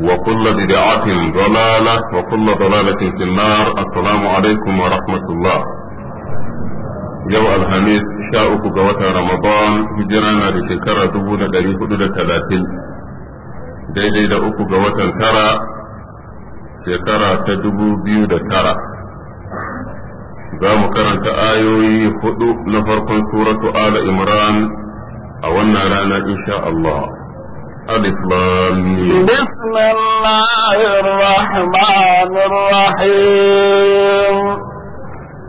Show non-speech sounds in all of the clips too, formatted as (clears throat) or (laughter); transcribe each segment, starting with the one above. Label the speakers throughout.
Speaker 1: وكل بدعة ضلالة وكل ضلالة في النار السلام عليكم ورحمة الله يوم الخميس شاء قوة رمضان هجرانا لشكرة دبونا داري حدود ثلاثين daidai da uku ga watan tara shekara ta dubu biyu da tara za mu karanta ayoyi huɗu na farkon suratu ala imran a wannan rana insha Allah. بسم
Speaker 2: الله الرحمن الرحيم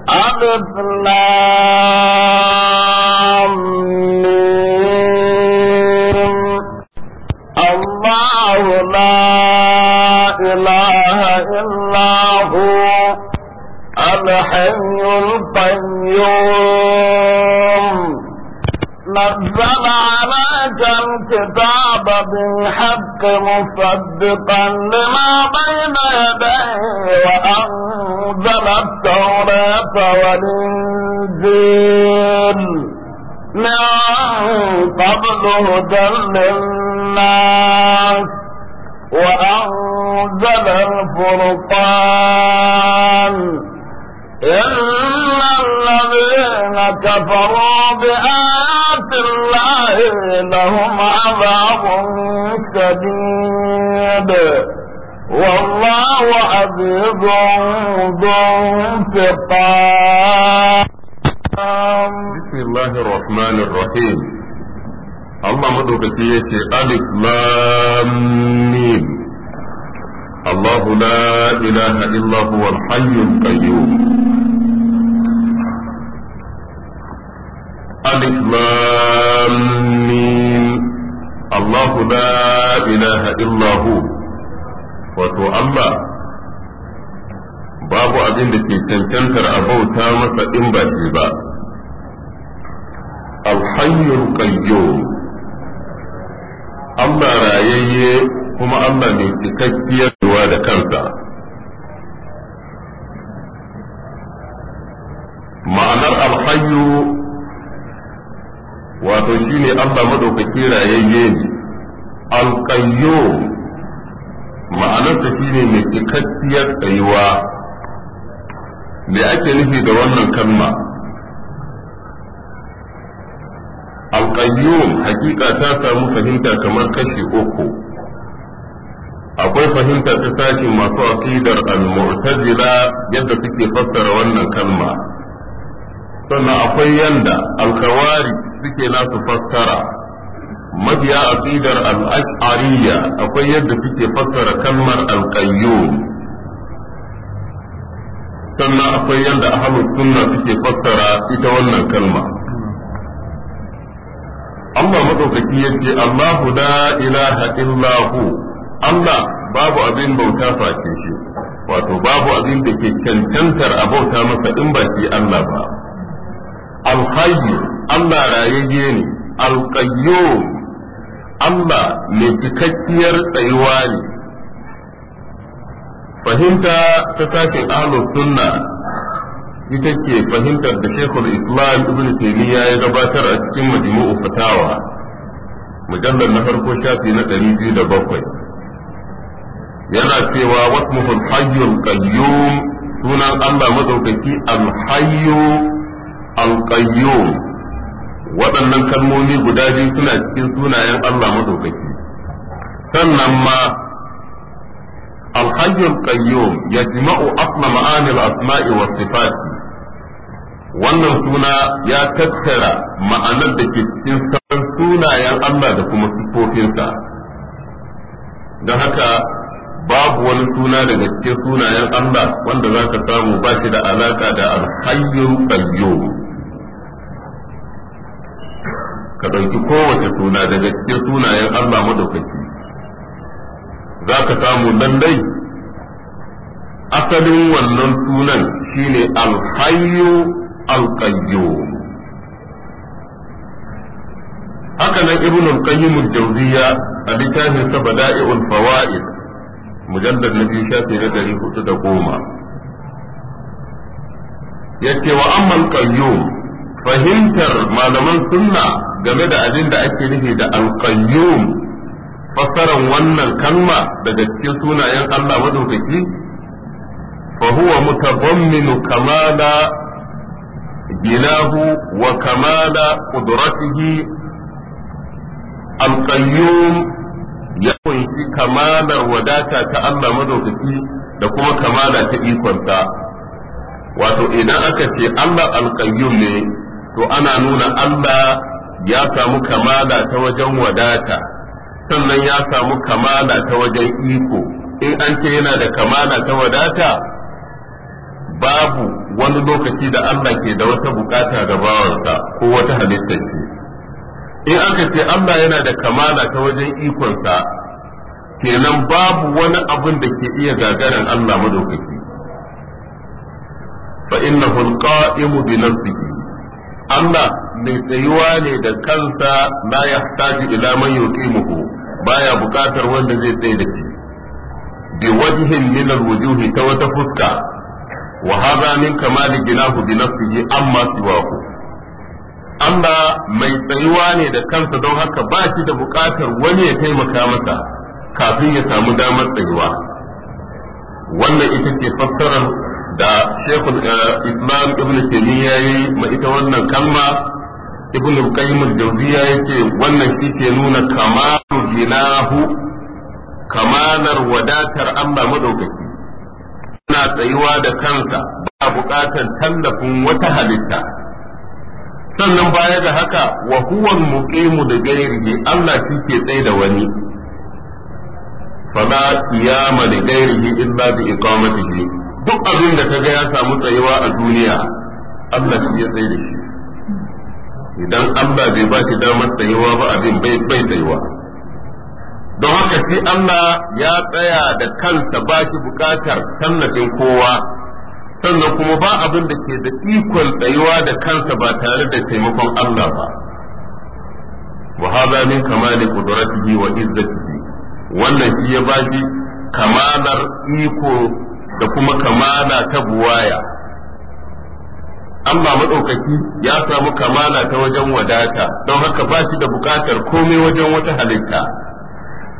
Speaker 2: ألف الله لا إله إلا هو الحي القيوم نزل عليك الكتاب بالحق مصدقا لما بين يديه وأنزل التوراة والإنجيل من قبل هدى للناس وأنزل الفرقان إن الذين كفروا بآيات بسخط الله لهم عذاب شديد والله عزيز ذو
Speaker 1: انتقام بسم الله الرحمن الرحيم الله مدوكتي يتي ألف لام ميم الله لا إله إلا هو الحي القيوم ألف لام الله لا إله إلا هو wato Allah babu abin da ke cancantar a bauta masa in ba shi ba alhayyul qayyum Allah rayayye kuma Allah mai da kansa ma'anar alhayu wato shine Allah madaukaki rayayye ne alqayyum ma'anarsa shine mai cikakkiyar tsayuwa me ake nufi da wannan kalma alqayyum hakika ta samu fahimta kamar kashi uku akwai fahimta ta sashi masu aqidar al-mu'tazila yadda suke fassara wannan kalma sannan akwai yanda alkawari suke nasu fassara mabiya aqidar al-ash'ariyya akwai yadda suke fassara kalmar al-qayyum sannan akwai yadda ahlus sunna suke fassara ita wannan kalma Allah madaukaki yace Allahu la ilaha illa hu Allah babu abin bauta face shi wato babu abin da ke cancantar a bauta masa in ba shi Allah ba al-hayy Allah rayayye ne alƙayyum Allah mai cikakkiyar tsayuwa ne fahimta ta sashen ahlus sunna ita ce fahimtar da shekul islam ibn taymiya ya gabatar a cikin majmu'u fatawa mujallar na farko shafi na 207 yana cewa wasmuhul hayyul qayyum sunan Allah madaukaki al-hayyu al-qayyum waɗannan kalmomi guda biyu suna cikin sunayen Allah madaukaki sannan ma alhayyul qayyum jima'u asla ma'anil asma'i wa sifati wannan suna ya tattara ma'anar da ke cikin sauran sunayen Allah da kuma sifofinsa don haka babu wani suna daga cikin sunayen Allah wanda za ka samu ba shi da alaka da alhayyul qayyum ɗauki kowace suna daga cikin sunayen Allah madaukaki za ka samu dai? asalin wannan sunan shine alhayyu alƙayyo haka nan ibn al-qayyim a littafin sa bada'i'ul fawaid mujallar na biyu shafi na dari hudu da goma yace wa amma alƙayyo fahimtar malaman sunna game da abin da ake nufi da alƙayyum fasaran wannan kalma daga cikin sunayen Allah madaukaki fa huwa mutadamminu kamala ginahu wa kamala qudratihi alqayyum ya kunshi kamalar wadata ta Allah madaukaki da kuma kamala ta ikonta, wato idan aka ce Allah alqayyum ne to ana nuna Allah ya samu kamala ta wajen wadata sannan ya samu kamala ta wajen iko in an ce yana da kamala ta wadata babu wani lokaci da Allah ke da wata bukata ga bawansa ko wata halitta shi in aka ce Allah yana da kamala ta wajen ikonsa kenan babu wani abin da ke iya gagarin Allah madaukaki fa innahu alqa'imu bi nafsihi Allah mai tsayuwa ne da kansa ya yahtaji ila man yuqimuhu baya bukatar wanda zai tsaye da shi bi wajhin min alwujuhi ta wata fuska wa hadha min kamal jinahu bi nafsihi amma siwahu Allah mai tsayuwa ne da kansa don haka ba shi da bukatar wani ya taimaka masa kafin ya samu damar tsayuwa wannan ita ce fassarar da shekul eh, islam ibn ya yayi ma ita wannan kalma ibn al-qayyim al-jawziya yace wannan shi ke nuna kamalu dinahu kamalar wadatar Allah madaukaki yana tsayuwa da kansa ba buƙatar tallafin wata halitta sannan baya da haka wa huwa muqimu da gairihi Allah shi ke tsaye da wani fala qiyama da gairihi illa bi iqamatihi duk abin da kaga ya samu tsayuwa a duniya Allah shi ya tsaye da shi idan Allah bai ba shi damar tsayuwa ba abin bai bai tsayuwa don haka shi Allah ya tsaya da kansa ba shi bukatar tallafin kowa sannan kuma ba abin da ke da ikon tsayuwa da kansa ba tare da taimakon Allah ba wa hada min kamali qudratihi wa izzatihi wannan shi ya bashi kamalar iko da kuma kamala ta buwaya Allah maɗaukaki ya samu kamala ta wajen wadata don haka ba shi da buƙatar komai wajen wata halitta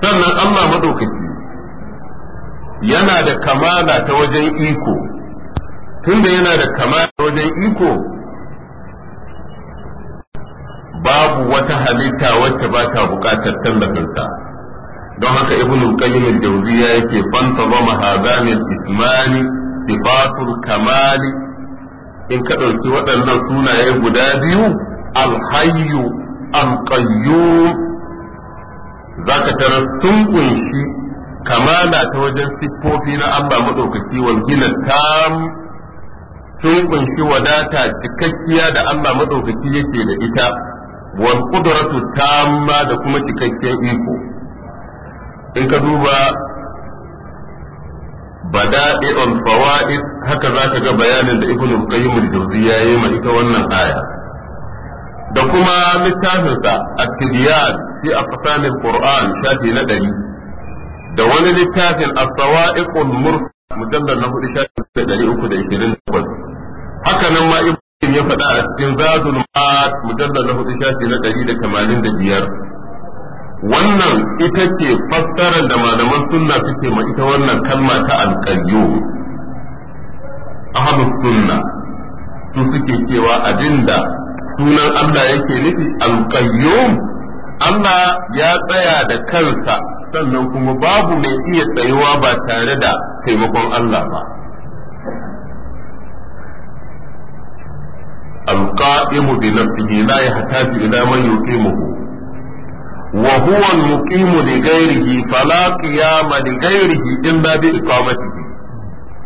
Speaker 1: sannan Allah maɗaukaki yana da kamala ta wajen iko tunda yana da kamala ta wajen iko babu wata halitta wacce ba ta buƙatar tallafinsa don haka ibn qayyim al jawziyya yake fanta zama al ismani sifatul kamali in ka ɗauki waɗannan sunaye guda biyu alhayyu alqayyum zaka tarar sun kunshi kamala ta wajen siffofi na Allah madaukaki wal gina tam sun kunshi wadata cikakkiya da Allah madaukaki yake da ita wal qudratu tamma da kuma cikakken iko in ka duba بدائع الفوائد haka zaka ga bayanin da ibnu qayyim al yayi ma ita wannan aya da kuma littafinsa at-tibyan fi aqsam al-qur'an shafi na ɗari da wani littafin as-sawa'iqul mursa mujallal na hudu shafi na ɗari uku da ishirin haka nan ma ibnu ya faɗa a cikin biyar wannan ita ce fassarar da malaman sunna suke ma ita wannan kalma ta alƙayyo ahlu sunna su suke cewa abinda sunan Allah yake nufi alƙayyo Allah ya tsaya da kansa sannan kuma babu mai iya tsayuwa ba tare da taimakon Allah ba alqa'imu bi nafsihi la yahtaju ila man yuqimuhu wa huwa al-muqim li ghayrihi fala qiyama li ghayrihi illa bi iqamatihi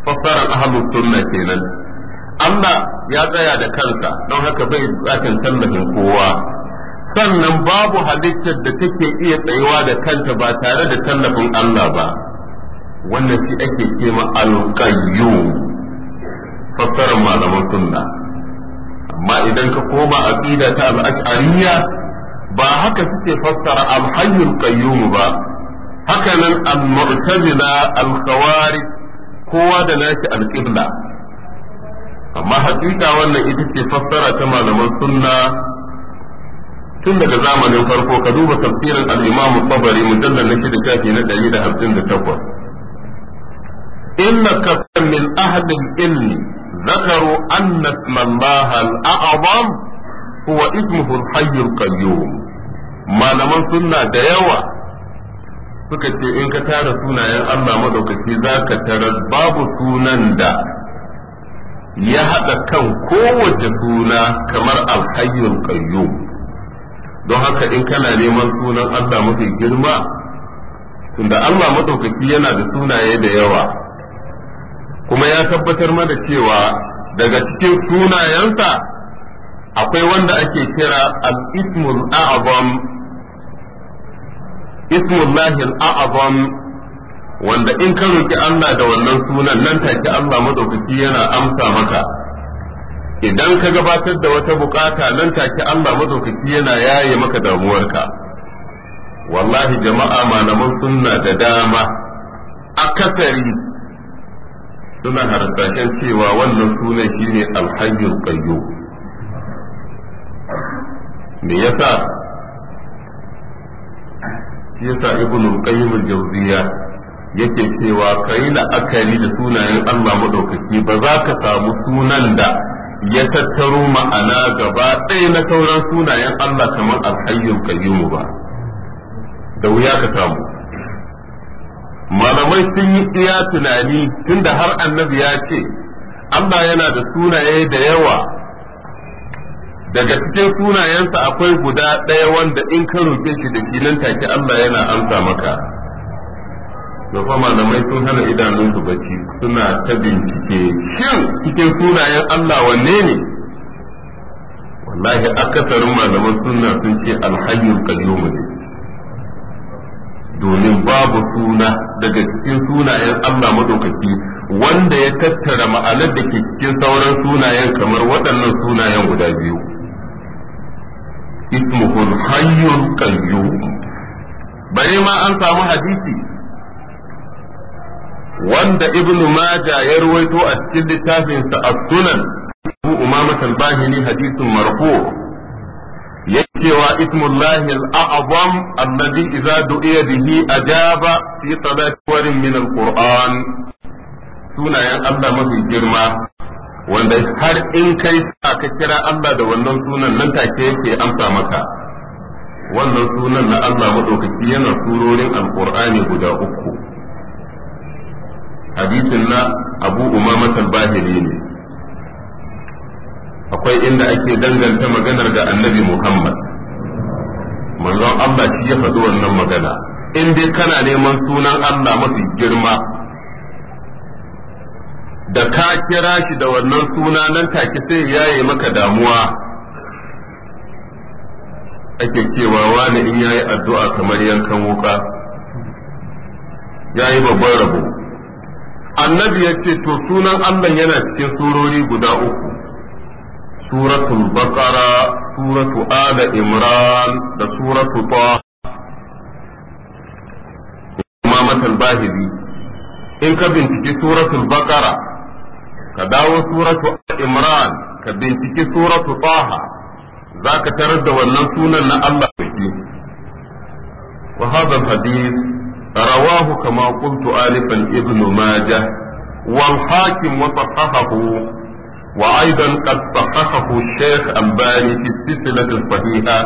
Speaker 1: fassara ahlus sunna kenan Allah ya tsaya da kansa don haka bai bukatan tallafin kowa sannan babu halittar da take iya tsayuwa da kanta ba tare da tallafin Allah ba wannan shi ake kema alƙayyu fassarar malaman sunna amma idan ka koma aqida ta al-ash'ariyya ba haka suke fassara alhayyul qayyum ba haka nan al-mu'tazila al-khawarij kowa da nashi al-qibla amma hakika wannan ita ce fassara ta malaman sunna tun daga zamanin farko ka duba tafsirin al-imam tabari mujallal na shida shafi na 158 inna ka min ahli al-ilm ذكروا أن اسم الله الأعظم huwa ismuhu al-hayyul qayyum malaman sunna da yawa suka ce in ka tara sunayen Allah madaukaki zaka tara babu sunan da ya haɗa kan kowace suna kamar alhayyul qayyum don haka in kana neman sunan Allah mafi girma tunda Allah madaukaki yana da sunaye da yawa kuma ya tabbatar mana cewa daga cikin sunayensa akwai wanda ake kira al-ismul a'zam ismullahi al-a'zam wanda in ka roki Allah da wannan sunan nan take Allah madaukaki yana amsa maka idan ka gabatar da wata bukata nan take Allah madaukaki yana yaye maka damuwarka wallahi jama'a malaman sunna da dama akasari suna harsashen cewa wannan sunan shine alhayyul qayyum me yasa yasa ibnu qayyim al-jawziya yake cewa kai la'akari da sunayen Allah madaukaki ba za ka samu sunan da ya tattaro ma'ana gaba ɗaya na sauran sunayen Allah kamar al-hayyul qayyum ba da wuya ka samu malamai sun yi iya tunani tunda har annabi ya ce Allah yana da sunaye da yawa daga cikin sunayensa akwai guda ɗaya wanda in ka roƙe shi da shi nan take Allah yana amsa maka da kuma malamai sun hana idanunsu bacci suna ta bincike shin cikin sunayen Allah wanne ne wallahi akasarin malaman sunna sun ce alhayyul qayyum ne domin babu suna daga cikin sunayen Allah madaukaki wanda ya tattara ma'anar da ke cikin sauran sunayen kamar waɗannan sunayen guda biyu ismuhu ma an samu hadisi wanda ibnu maja ya ruwaito a cikin littafinsa a sunan abu umama al-bahili hadisin marfu yakewa ismullahi al-a'zam alladhi idza du'iya bihi ajaba fi salati warin min al-qur'an sunayen Allah mafi girma wanda har in kai sa ka kira Allah da wannan sunan nan take yake amsa maka wannan sunan na Allah madaukaki yana surorin alqur'ani guda uku hadisin na Abu Umama al-Bahili ne akwai inda ake danganta maganar da Annabi Muhammad manzon Allah shi ya faɗi wannan magana in dai kana neman sunan Allah mafi girma da ka kira shi da wannan suna nan take sai ya yi maka damuwa ake cewa wani in ya yi addu'a kamar yankan wuka yi babban rabo annabi ya ce to sunan Allah yana cikin surori guda uku suratul baqara suratu ala imran da suratu ta matan bahidi in ka binciki suratul baqara ka dawo suratu imran ka binciki suratu taha za ka tarar da wannan sunan na Allah baki wa hadha hadith rawahu kama qultu alifan ibnu majah wal hakim wa sahahahu wa aidan qad sahahahu shaykh albani fi silsilati sahiha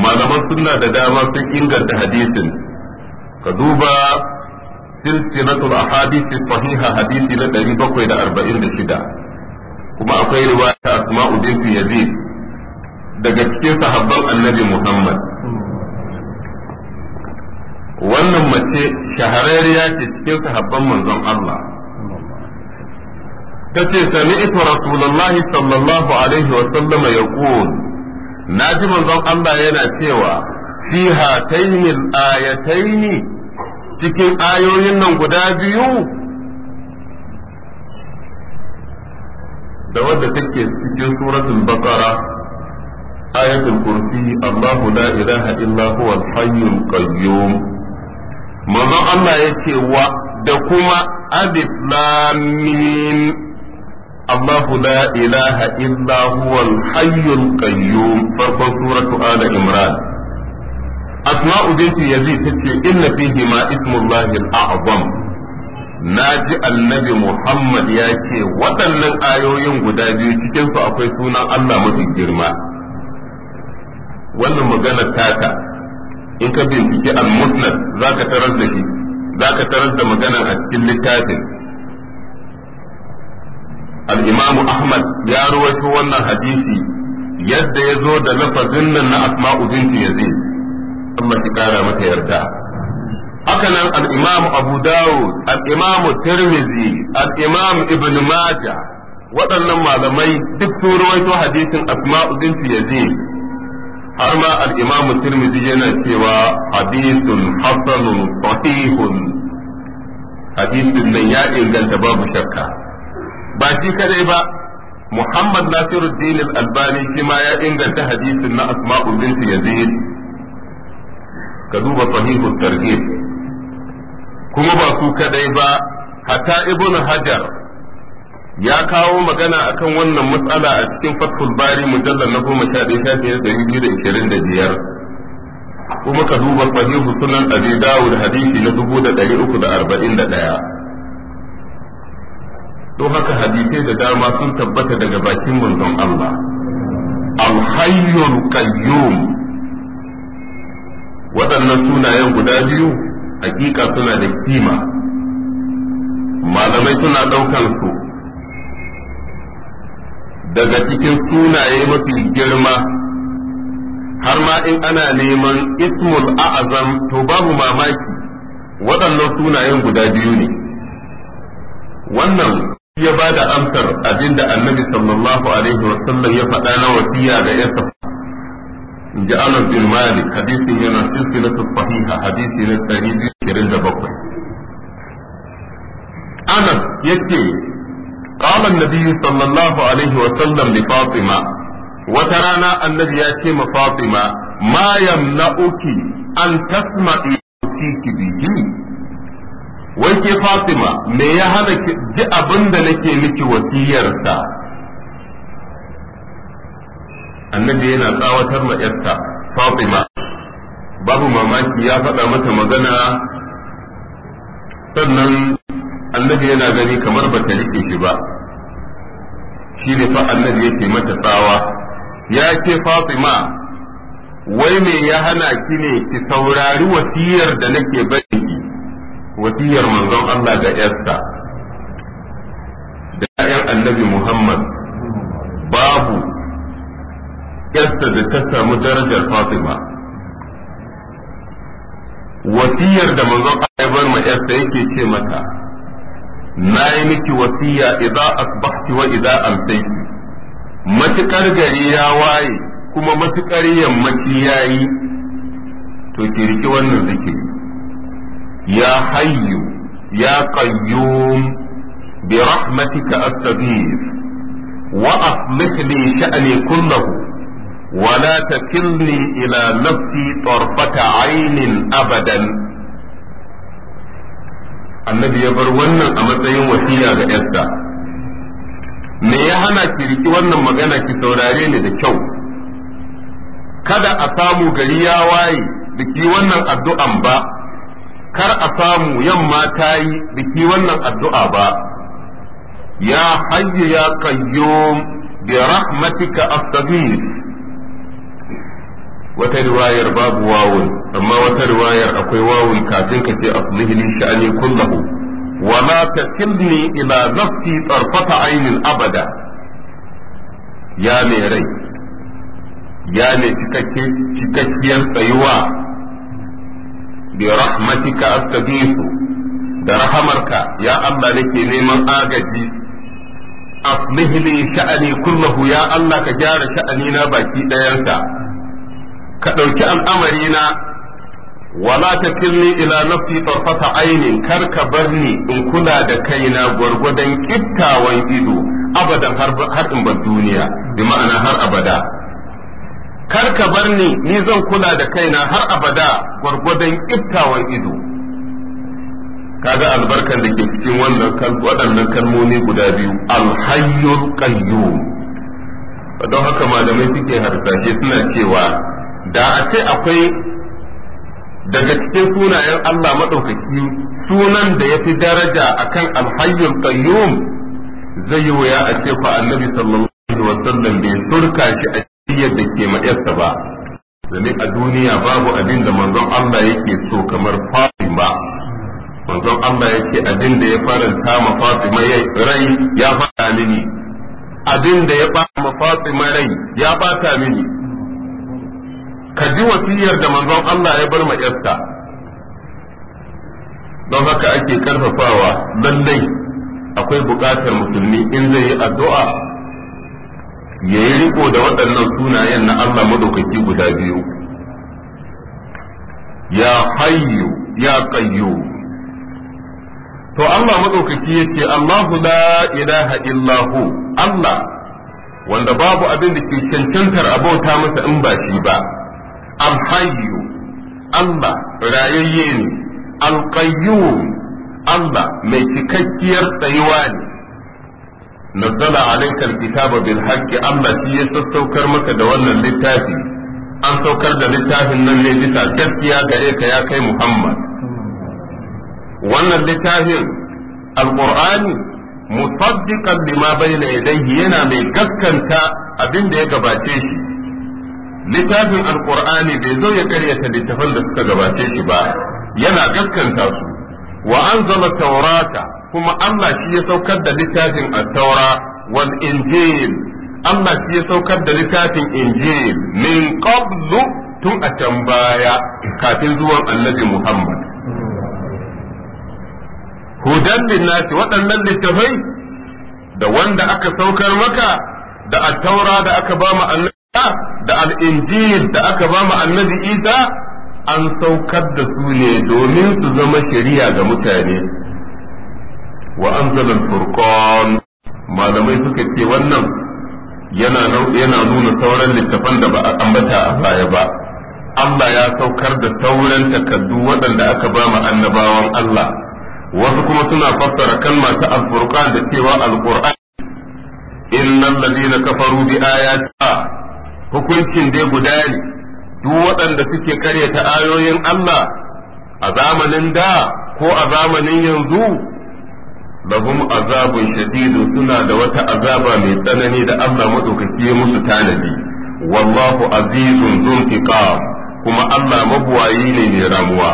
Speaker 1: malaman sunna da dama sun inganta hadisin ka duba الصحيحة حديث sahiha hadisi na 746 kuma akwai riwaya أسماء بنت يزيد daga cikin sahabban النبي muhammad wannan mace shahararriya ce cikin sahabban manzon Allah sami ita rasulullahi sallallahu alaihi wa sallama Na ji manzon Allah yana cewa fiha hataini ayataini cikin ayoyin nan guda biyu da wadda take cikin suratul baqara ayatul kursi Allahu la ilaha illa al hayyul qayyum manzon Allah yake wa da kuma alif lam mim Allahu la ilaha illa al hayyul qayyum farkon suratul ala imran asma'u binti yazid tace inna fihi ma ismullahi al-a'zam naji annabi muhammad ya ce waɗannan ayoyin guda biyu cikin su akwai sunan Allah mafi girma wannan maganar taka in ka binciki al-musnad zaka tarar tarar da maganar a cikin littafin al-imamu ahmad ya rawaito wannan hadisi yadda ya zo da lafazin nan na asma'u binti yazid amma shi kara mata yarda haka nan al-imam abu dawud al-imam tirmidhi al-imam ibn majah waɗannan malamai duk sun rawaito hadisin asma'u bint yazid har ma al-imam tirmidhi yana cewa hadithun hasanun sahihun hadisin nan ya inganta babu shakka ba shi kadai ba Muhammad Nasiruddin Al-Albani shi ma ya inganta hadisin na Asma'u bint Yazid ka duba sahihul targhib kuma ba su kadai ba hatta ibnu hajar ya kawo magana akan wannan matsala a cikin fathul bari mujallar na goma sha ɗaya shafi na ɗari biyu da ishirin da biyar kuma ka duba sahihu sunan abi dawud hadisi na dubu da ɗari uku da arba'in da ɗaya don haka hadisai da dama sun tabbata daga bakin manzon Allah alhayyul qayyum waɗannan sunayen guda biyu hakika suna da kima malamai suna ɗaukar su daga cikin sunaye mafi girma har ma in ana neman ismul a'azam to babu mamaki waɗannan sunayen guda biyu ne wannan ya ba da amsar abinda annabi sallallahu alaihi wasallam ya faɗa na wasiya ga yasa ji anas bin malik hadisin yana silsilatu sahiha hadisi na ɗari biyu da bakwai anas yace qala an-nabi sallallahu alaihi wa sallam li fatima wata rana annabi ya ce ma fatima ma yamna'uki an tasma'i fiki bihi wai fatima me ya hana ji abin da nake miki wasiyarsa annabi yana tsawatar ma yarta Fatima babu mamaki ya faɗa mata magana sannan annabi yana gani kamar bata rike shi ba shi ne fa annabi yake mata tsawa ya ce Fatima wai me ya hana ki ne ki saurari wasiyar da nake bari ki wasiyar manzon Allah da yarsa da 'ya'yan annabi Muhammad babu yadda da ta samu darajar fatima wasiyar da manzon Allah ya bar ma yarsa yake ce mata na yi miki wasiya idza asbahti wa idza amsayti matukar gari ya waye kuma matukar yammaci yayi to ki riki wannan zikiri ya hayyu ya qayyum bi rahmatika astaghfir wa aslih li sha'ni kullahu ولا تكلني إلى نفسي طرفة عين أبدا النبي يبر ونن أمتين وسيلة لإسا me ya hana ki riki wannan magana ki saurare ni da kyau kada a samu gari ya waye da wannan addu'an ba kar a samu yamma ta yi da wannan addu'a ba ya hayyu ya da bi rahmatika astaghfir wata riwayar babu wawun amma wata riwayar akwai wawun kafin ka ce aslihli sha'ani kullahu wa la takilni ila nafsi tarfata ainin abada ya mai rai ya ne cikakkiyar tsayuwa bi rahmatika astaghiithu da rahamarka ya Allah nake neman agaji aslihli sha'ani kullahu ya Allah ka gyara sha'ani na baki ɗayansa ka ɗauki al'amari na wala ta kirni ila nafsi tarfata ainin kar ka bar ni in kula da kaina gwargwadon kittawan ido abadan har in bar duniya bi ma'ana har abada kar ka bar ni ni zan kula da kaina har abada gwargwadon kittawan ido kaga albarkar da ke cikin wannan waɗannan kalmomi guda biyu alhayyul qayyum don haka malamai suke harsashe suna cewa da a ce akwai daga cikin sunayen Allah maɗaukaki sunan da ya fi daraja akan alhayyul qayyum zai yi wuya a ce fa annabi sallallahu alaihi wasallam bai surka shi a cikin da ke ma'yarsa ba domin a duniya babu abin da manzon Allah yake so kamar Fatima manzon Allah yake abin da ya faranta ma Fatima rai ya fata mini abin da ya ba ma Fatima rai ya fata mini ka ji wasiyar da manzon Allah ya bar ma don haka ake karfafawa lallai akwai buƙatar musulmi in zai yi addu'a ya yi riko da waɗannan sunayen na Allah madaukaki guda biyu ya hayyu ya qayyu to Allah madaukaki yake Allahu la ilaha illahu Allah wanda babu abin da ke cancantar abauta masa in ba shi ba alhayyu Allah rayayye ne alqayyum Allah mai cikakkiyar tsayuwa ne nazzala alaikal kitaba bil haqqi Allah shi ya sassaukar maka da wannan littafi an saukar da littafin nan ne bisa gaskiya gare ka ya kai Muhammad wannan littafin alqur'ani musaddiqan lima bayna yadayhi yana mai gaskanta abin da ya gabace shi littafin alkur'ani bai zo ya karyata littafan da suka gabace shi ba yana gaskanta su wa anzala taurata kuma Allah shi ya saukar da littafin at-taura wal injil Allah shi ya saukar da littafin injil min qablu tun a can baya kafin zuwan annabi Muhammad hudan linnasi waɗannan littafai da wanda aka saukar maka da at-taura da aka ba mu da al'injil da aka ba mu annabi isa an saukar da su ne domin su zama shari'a ga mutane wa an zalar furkon malamai suka ce wannan yana nuna sauran littafan da ba a ambata a baya ba Allah ya saukar da sauran takardu waɗanda aka ba mu annabawan Allah wasu kuma suna fassara kalma ta al-furqan da cewa al-qur'an innal ladina kafaru bi ayati hukuncin dai guda ne duk waɗanda suke karyata ayoyin Allah a zamanin da ko a zamanin yanzu lahum azabun shadidu suna da wata azaba mai tsanani da Allah madaukaki musu tanadi wallahu azizun zuntiqa kuma Allah mabuwayi ne mai ramuwa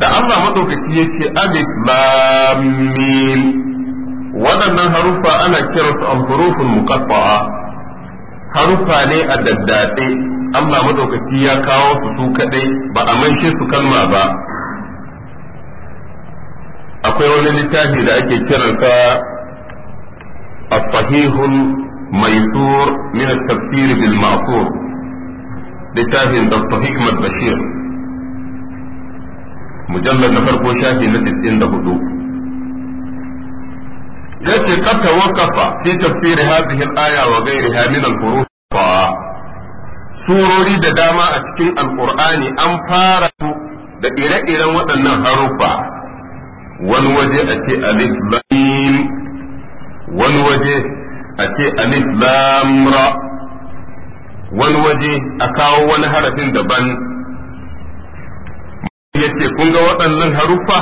Speaker 1: da Allah madaukaki yake alif lam mim waɗannan haruffa ana kiransu al-huruful muqatta'a harufa ne a daddatse Allah madaukaki ya kawo su su kadai ba a manshe su kalma ba akwai wani littafi da ake kiransa as-sahihul maisur min at-tafsir bil ma'qul littafin da Hikmat Bashir mujallad na farko shafi na yace qad tawaqqafa fi tafsir hadhihi al-aya wa ghayriha min al surori da dama a cikin alqur'ani an fara da ire-iren waɗannan haruffa wani waje a ce alif lam wani waje a kawo wani harafin daban yace kun ga waɗannan haruffa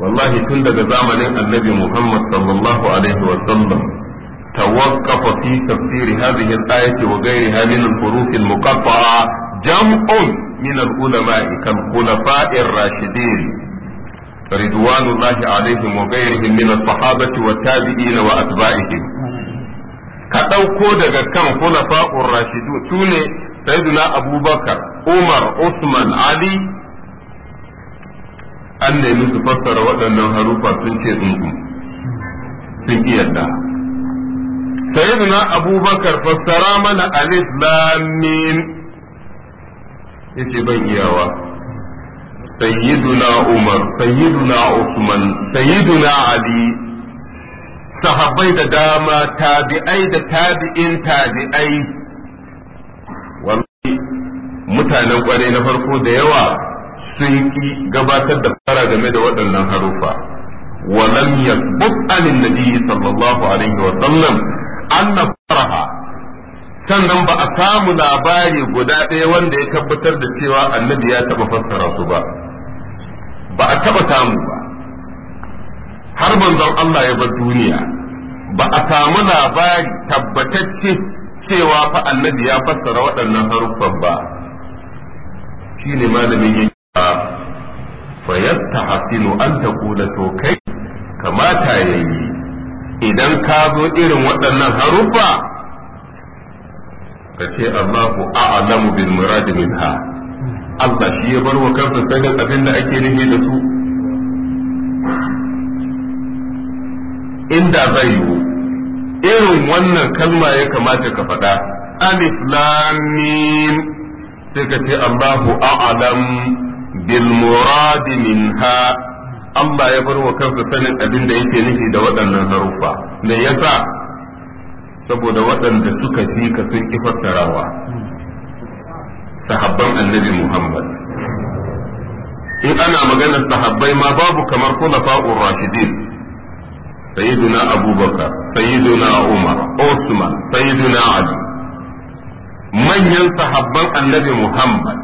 Speaker 1: wallahi tun daga zamanin annabi Muhammad sallallahu alaihi wa sallam توقف في تفسير هذه الآية وغيرها من الحروف المقطعة جمع من العلماء كالخلفاء الراشدين رضوان الله عليهم وغيرهم من الصحابة والتابعين وأتباعهم كتوكو دقا كان خلفاء الراشدون سوني سيدنا أبو بكر عمر عثمان علي an nemi su fassara waɗannan harufa sun ce tsuntsu sun ki yadda sayyidina abubakar fassara mana alif lamin ya yace ban iyawa sayyiduna umar sayyiduna usman sayyiduna ali sahabbai da dama tabi'ai da tabi'in tabi'ai wani mutanen kwarai na farko da yawa sun ki gabatar da fara game da waɗannan harufa walam yasbut anin nabiyyi sallallahu alaihi wa sallam anna faraha sannan ba a samu labari guda ɗaya wanda ya tabbatar da cewa annabi ya taɓa fassara su ba ba a taɓa samu ba har manzon Allah ya bar duniya ba a samu labari tabbatacce cewa fa annabi ya fassara waɗannan haruffan ba shi ne malamin ya fa yastahsinu an taqula to kai kamata yi idan ka zo irin waɗannan haruffa ka ce Allahu a'lamu bil murad minha Allah shi ya bar wa kansa sanin abin da ake nufi da su inda zai yiwu irin wannan kalma ya kamata ka faɗa alif lam sai ka ce Allahu a'lam بالمراد منها Allah ya bar wa kansa sanin abinda da yake nufi da waɗannan haruffa me yasa saboda waɗanda suka fi ka sun ki fassarawa sahabban annabi Muhammad in ana maganar sahabbai ma babu kamar khulafa'ur rashidin sayyiduna abubakar sayyiduna umar usman sayyiduna ali manyan sahabban annabi Muhammad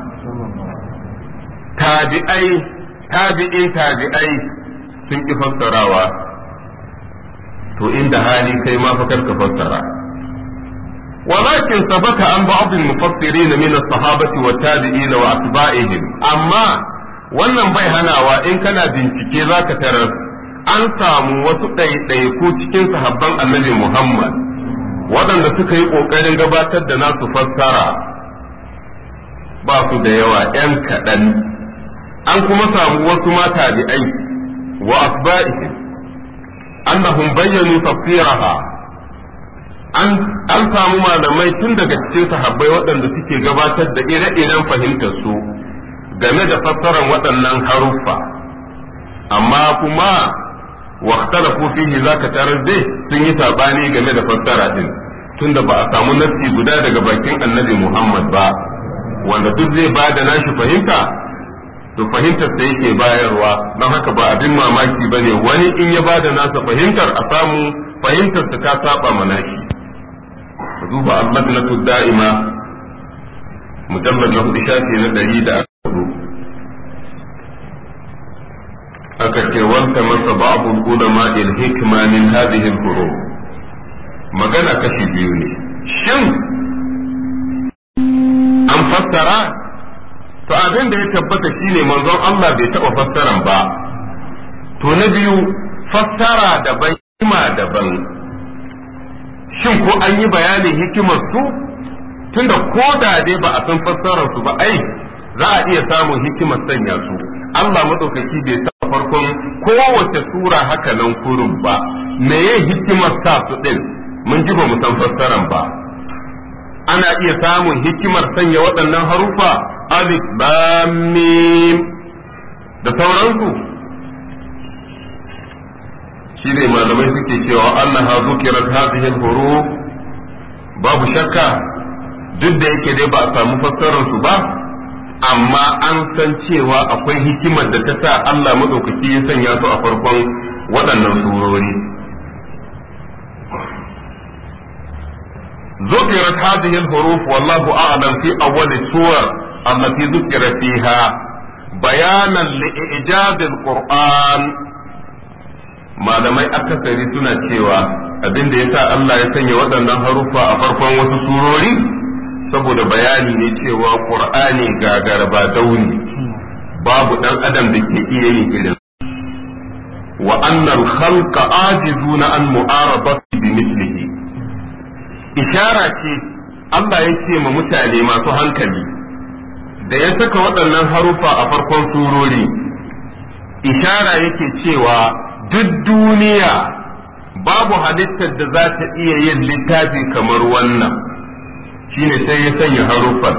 Speaker 1: tabi'ai tabi'in tabi'ai sun ki fassarawa to inda hali kai ma fa karka fassara ولكن ثبت عن بعض المفسرين wa الصحابة والتابعين وأتباعهم Amma wannan bai hanawa in kana bincike za ka an samu wasu ɗaiɗaiku cikin sahabban annabi Muhammad waɗanda suka yi ƙoƙarin gabatar da nasu fassara ba su da yawa ‘yan kaɗan an kuma samu wasu ma tabi'ai wa asba'ihim annahum bayyanu tafsiraha an an samu malamai tun daga cikin sahabbai waɗanda suke gabatar da ire-iren fahimtar su game da fassarar waɗannan haruffa amma kuma واختلفوا zaka ذاك تردي sun yi sabani game da fassara din tunda ba a samu nafsi guda daga bakin annabi Muhammad ba wanda duk zai ba da nashi fahimta to fahimtar da yake bayarwa don haka ba abin mamaki ba ne wani in ya bada nasa fahimtar a samu fahimtar ta saba manaki ka duba al-madnatu da'ima mujallad na hudu shafi na ɗari da aka ce wanta masa ba'dul ulama il hikma min hadhihi al magana kashi biyu ne shin an fassara to abin da ya tabbata shine manzon Allah bai taba fassaran ba to na biyu fassara daban hikima daban shin ko an yi bayanin hikimar su tunda ko da dai ba a san fassarar su ba ai za a iya samun hikimar sanya su Allah madaukaki bai taba farkon kowace sura haka nan kurun ba me hikimar sa su din mun ji ba mu san fassaran ba ana iya samun hikimar sanya waɗannan harufa alif lam da sauransu Shi shine malamai suke cewa hazu zukirat ta al horo, babu shakka duk da yake dai ba a samu fassararsu ba amma an san cewa akwai hikimar da ta sa Allah madaukaki ya sanya su a farkon waɗannan surori ذكرت هذه الحروف والله أعلم في أول السور التي ذكر فيها بيانا لإعجاز القرآن ما لم أكثر سنة شيئا abin da yasa Allah ya sanya waɗannan haruffa a farkon wasu surori saboda bayani ne cewa Qur'ani gagara ba dauni babu ɗan adam da ke iya yin irin wa annal khalqa ajizuna an mu'arabati bi mislihi ishara ce Allah ya ce ma mutane masu hankali da ya saka waɗannan haruffa a farkon surori ishara yake cewa duk duniya babu halittar da za ta iya yin littafi kamar wannan shine sai ya sanya harufan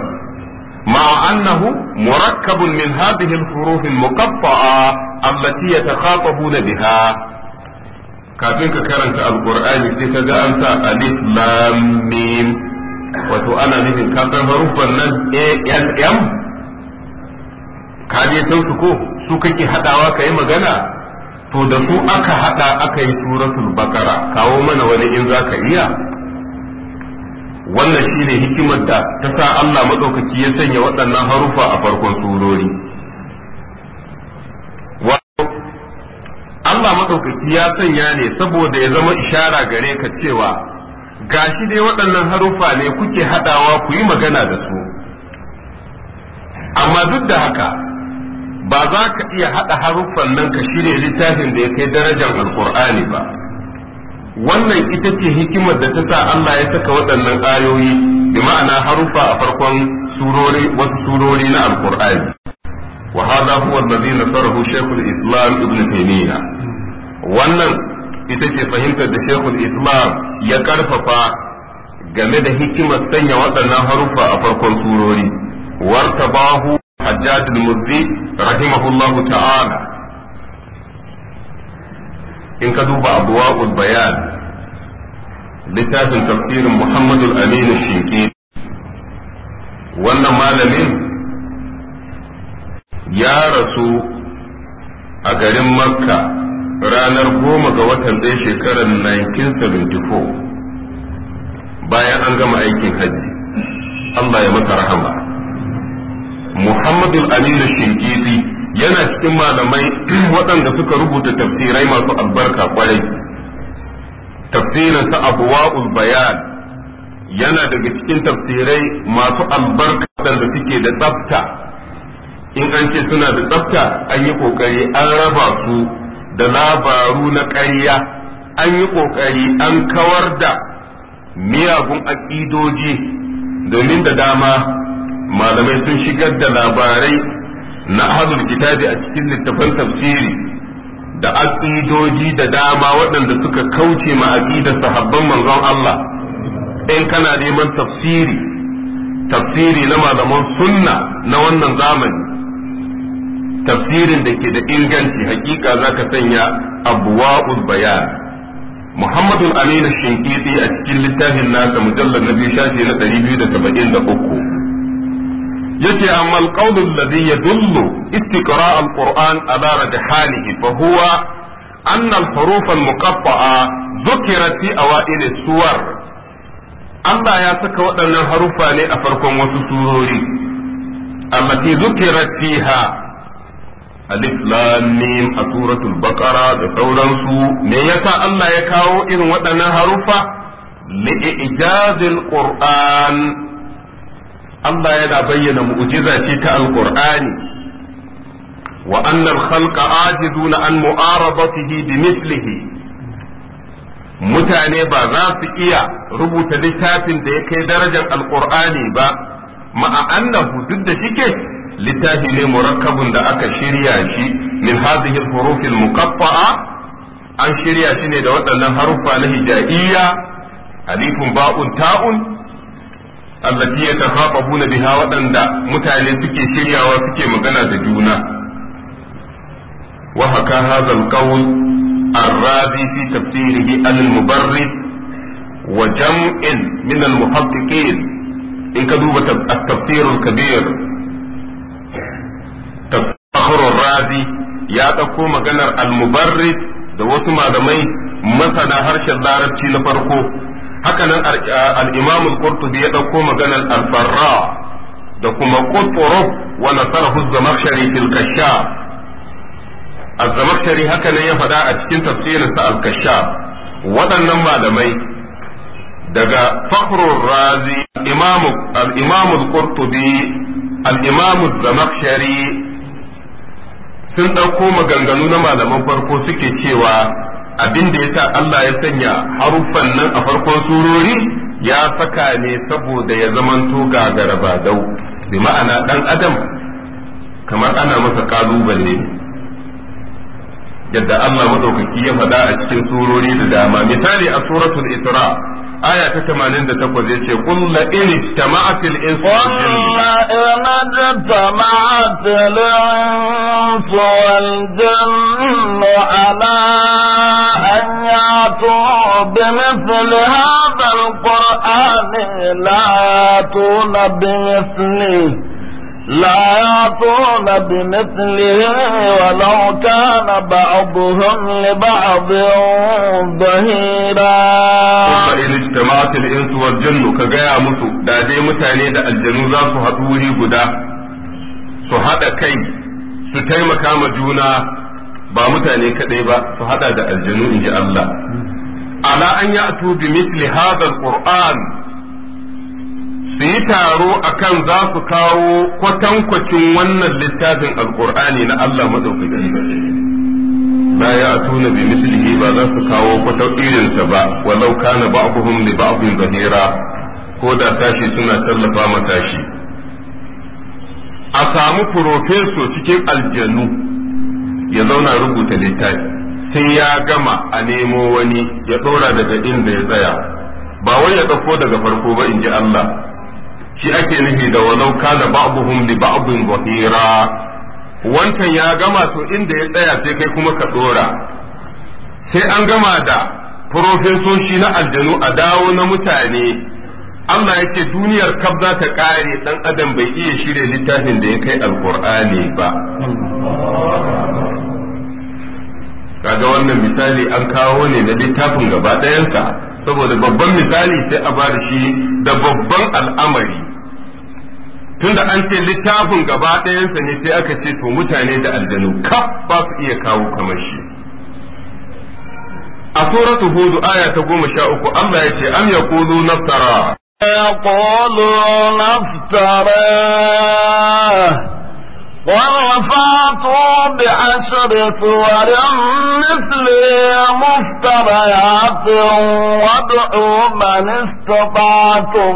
Speaker 1: مع أنه مركب من هذه الحروف المقطعة التي يتخاطبون biha. kafin ka karanta Alkur'ani sai ka ga an sa alif lam mim wato ana nufin ka san haruffan nan a n m ka je sautu ko su kake hadawa kai magana to da su aka hada aka yi suratul bakara kawo mana wani in zaka iya wannan shine hikimar da ta sa Allah madaukaki ya sanya waɗannan harufa a farkon surori maɗaukaki ya sanya ne saboda ya zama ishara gare ka cewa gashi dai waɗannan haruffa ne kuke haɗawa ku yi magana da su amma duk da haka ba za ka iya haɗa haruffan nan ka shirya littafin da ya kai darajar alkur'ani ba wannan ita ce hikimar da ta sa Allah ya saka waɗannan ayoyi da ma'ana haruffa a farkon surori wasu surori na alkur'ani wa hada huwa alladhi nasarahu shaykhul islam ibn taymiyyah wannan ita ce fahimtar da shekul islam ya karfafa game da hikimar sanya waɗannan haruffa a farkon surori warta bahu hajjaj murzi rahimahullahu ta'ala in ka duba abuwa bayan littafin tafsirin Muhammadu aminu shinki wannan malamin ya rasu a garin makka ranar goma ga watan dai shekarar 1974 bayan an gama aikin hajji Allah ya masa rahama
Speaker 3: Muhammadu Aminu Shinkiti
Speaker 1: yana cikin malamai (clears throat) waɗanda suka rubuta tafsirai masu albarka kwarai tafsirinsa abuwa'ul bayan yana daga cikin tafsirai masu albarka waɗanda suke da tsafta in an ce suna da tsafta an yi ƙoƙari an raba su da labaru na ƙarya an yi ƙoƙari an kawar da miyagun aƙidoji domin da dama malamai sun shigar da labarai na hadul kitabi a cikin littafan tafsiri da aƙidoji da dama waɗanda suka kauce ma aƙidar sahabban manzon Allah in kana neman tafsiri tafsiri na malaman sunna na wannan zamani tafsirin da ke da inganci hakika zaka sanya abuwa'u bayan muhammadul aminu shinkiti a cikin littafin nasa mujallar na biyu shafi na uku. yace amma alqawl alladhi Alƙur'an istiqra' alquran ala rajhanihi fa huwa أن الحروف المقطعة ذكرت awa ile suwar. Allah ya saka waɗannan harufa ne a farkon wasu surori, allati zukirat fiha alif lam mim a suratul baqara da sauransu me yasa Allah ya kawo irin waɗannan harufa ijazil qur'an Allah yana bayyana mu'jiza ce ta alqur'ani wa anna al-khalqa ajizuna an mu'arabatihi mithlihi mutane ba za su iya rubuta littafin da ya kai darajar alqur'ani ba ma'a annahu duk da shike littafi ne murakkabin da aka shirya shi min hadhihi al-huruf al-muqatta'a an shirya shi ne da waɗannan haruffa na hijaiyya alifun ba'un ta'un allati yatakhafabuna biha waɗanda mutane suke shiryawa suke magana da juna wa haka hadha al-qawl الرازي في تفسيره المبرد وجمع من in ka duba التفسير الكبير bahrul razi ya ɗauko maganar al da wasu malamai masana harshen larabci na farko hakanan al-imam qurtubi ya ɗauko maganar al da kuma qutrub wa nasarahu az-zamakhshari fil kashaf az-zamakhshari haka ya faɗa a cikin tafsirinsa al-kashaf waɗannan malamai daga fakhrul razi al-imam al-qurtubi al-imam sun ɗauko maganganu na malaman farko suke cewa abin da sa Allah ya sanya haruffan nan a farkon surori ya saka ne saboda ya zamanto ga ba dau bi ma'ana dan adam kamar ana masa kalubale yadda Allah madaukaki ya faɗa a cikin surori da dama misali a suratul isra aya ta 88 yace qul la in tama'atil insu
Speaker 2: tama'atil insu wal jinnu ala an ya'tu bi mithli hadha al-qur'ani la ya'tu لا يعطون بمثله ولو كان بعضهم لبعض ظهيرا
Speaker 1: فإن اجتمعت الإنس والجن كجاء مسو دا دي متاني دا الجنو ذا سهدوري قدا سهد كي ستيم مكام جونا با متاني كديبا سهد دا الجنو إن الله على أن يأتوا بمثل هذا القرآن su yi taro akan za su kawo kwatankwacin wannan littafin alkur'ani na Allah madaukakin Ba ya tuna bi mislihi ba za su kawo kwatau irinsa ba walau kana ba'dhum ba ba'dhin zahira ko da tashi suna tallafa matashi. a samu profeso cikin aljanu ya zauna rubuta littafi sai ya gama a nemo wani ya ɗora daga inda ya tsaya ba wai ya ɗauko daga farko ba in ji Allah shi ake nufi da walau kana ba'dhum li ba'dhin zahira wancan ya gama to inda ya tsaya sai kai kuma ka dora sai an gama da profesoshi na aljanu a dawo na mutane Allah yake duniyar kaf zata ta kare dan adam bai iya shirya littafin da ya kai alkur'ani ba kaga wannan misali an kawo ne na littafin gaba ɗayansa saboda babban misali sai a da shi da babban al'amari tunda an ce littafin gaba ɗayansa ne sai aka ce to mutane da aljanu ka ba su iya kawo kamar shi a suratu hudu aya ta goma sha uku Allah ya ce am yaqulu naftara
Speaker 2: يقولون افتراه قل بعشر صور مثله مفتريات وادعوا من استطعتم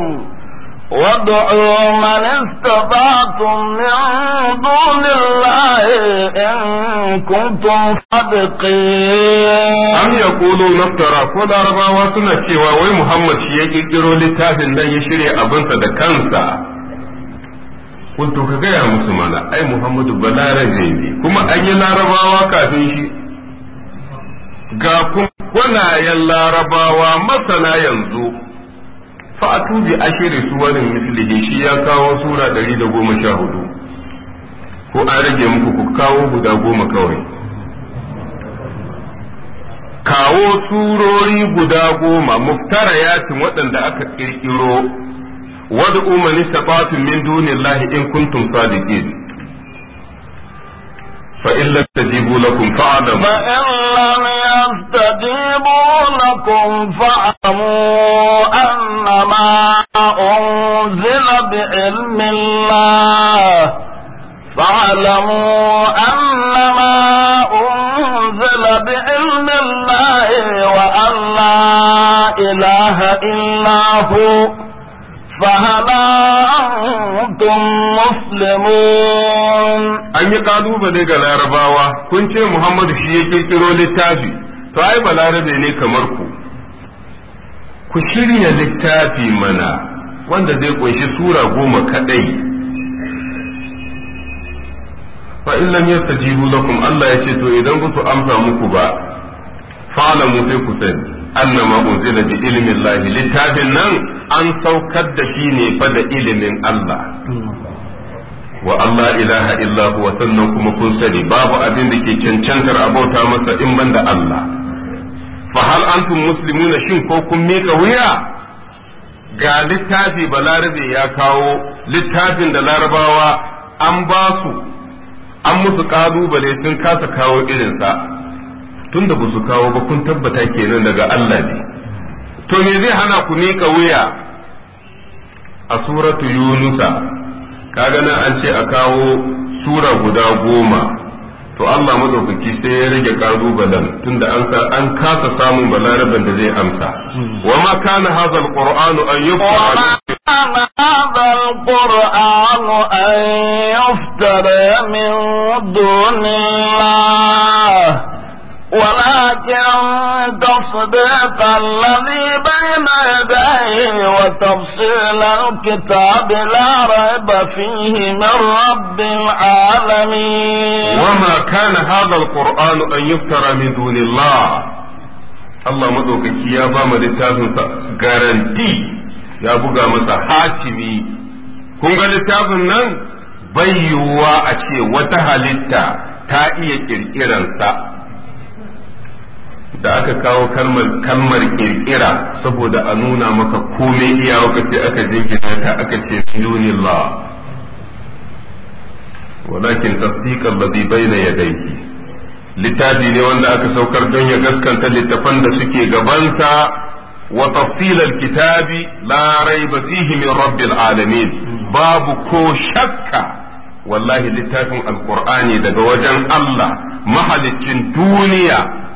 Speaker 2: وادعوا من استطعتم من دون الله إن كنتم صادقين أم يقولوا
Speaker 1: نفترى كل أربع وسنة وي محمد شيء يجروا لتاهن لا يشري أبنت دكانسا كنت يا مسلمان أي محمد بلا رجيني كما أي لاربعوا كافين شيء ga kuna kwanayen larabawa masana yanzu a bi su suwarin mislihi shi ya kawo sura ɗari da goma sha hudu ko an rage muku ku kawo guda goma kawai kawo surori guda goma muftara yatin waɗanda aka ƙirƙiro wadda umarni sabatun min lahi in kuntum sadiqin فإن لم يستجيبوا لكم فاعلموا
Speaker 2: فإن لم يستجيبوا لكم فاعلموا أنما أنزل بعلم الله فاعلموا أنما أنزل بعلم الله وأن لا إله إلا هو فهل أنتم مسلمون
Speaker 1: أن يقالوا بلغ الأرباوة كنت محمد شيء كيرو للتافي فأي balarabe ne kamar ku ku shirya littafi mana wanda zai ƙunshi sura goma kadai fa in lam yastajibu lakum Allah yace to idan ba amsa muku ba fa alamu sai ku sani annama unzila bi ilmi lahi littafin nan an saukar da shi ne fa da ilimin Allah wa Allah ilaha illa huwa sannan kuma kun sani babu abin da ke cancantar abauta masa in banda Allah fa hal antum muslimuna shin ko kun mika wuya ga littafi balarabe ya kawo littafin da larabawa an ba su an musu kalubale sun kasa kawo irinsa tunda ba su kawo ba kun tabbata kenan daga Allah ne to me zai hana ku miƙa wuya a suratu yunusa kaga nan an ce a kawo sura guda goma to Allah madaukaki sai ya rage kalubalen tunda an an kasa samun balaraban da zai amsa wa ma kana hadha alquran an yuftara
Speaker 2: ولكن تصديق الذي بين يديه وتفصيل الكتاب لا ريب فيه من رب العالمين وما
Speaker 1: كان هذا القرآن أن يفترى من دون الله الله مدوكي يا باما لتافنسا garanti يا بقى masa hakimi kun ga littafin nan bai yiwuwa a ce wata halitta ta iya kirkiransa da aka kawo kalmar ƙirƙira kirkira saboda a nuna maka komai iya wakace aka jingina ta aka ce dunillah walakin tasdiqan ladhi bayna yadayhi littafi ne wanda aka saukar don ya gaskanta littafan da suke gabansa wa tafsilal kitabi la raiba fihi min rabbil alamin babu ko shakka wallahi littafin alqur'ani daga wajen Allah mahaliccin duniya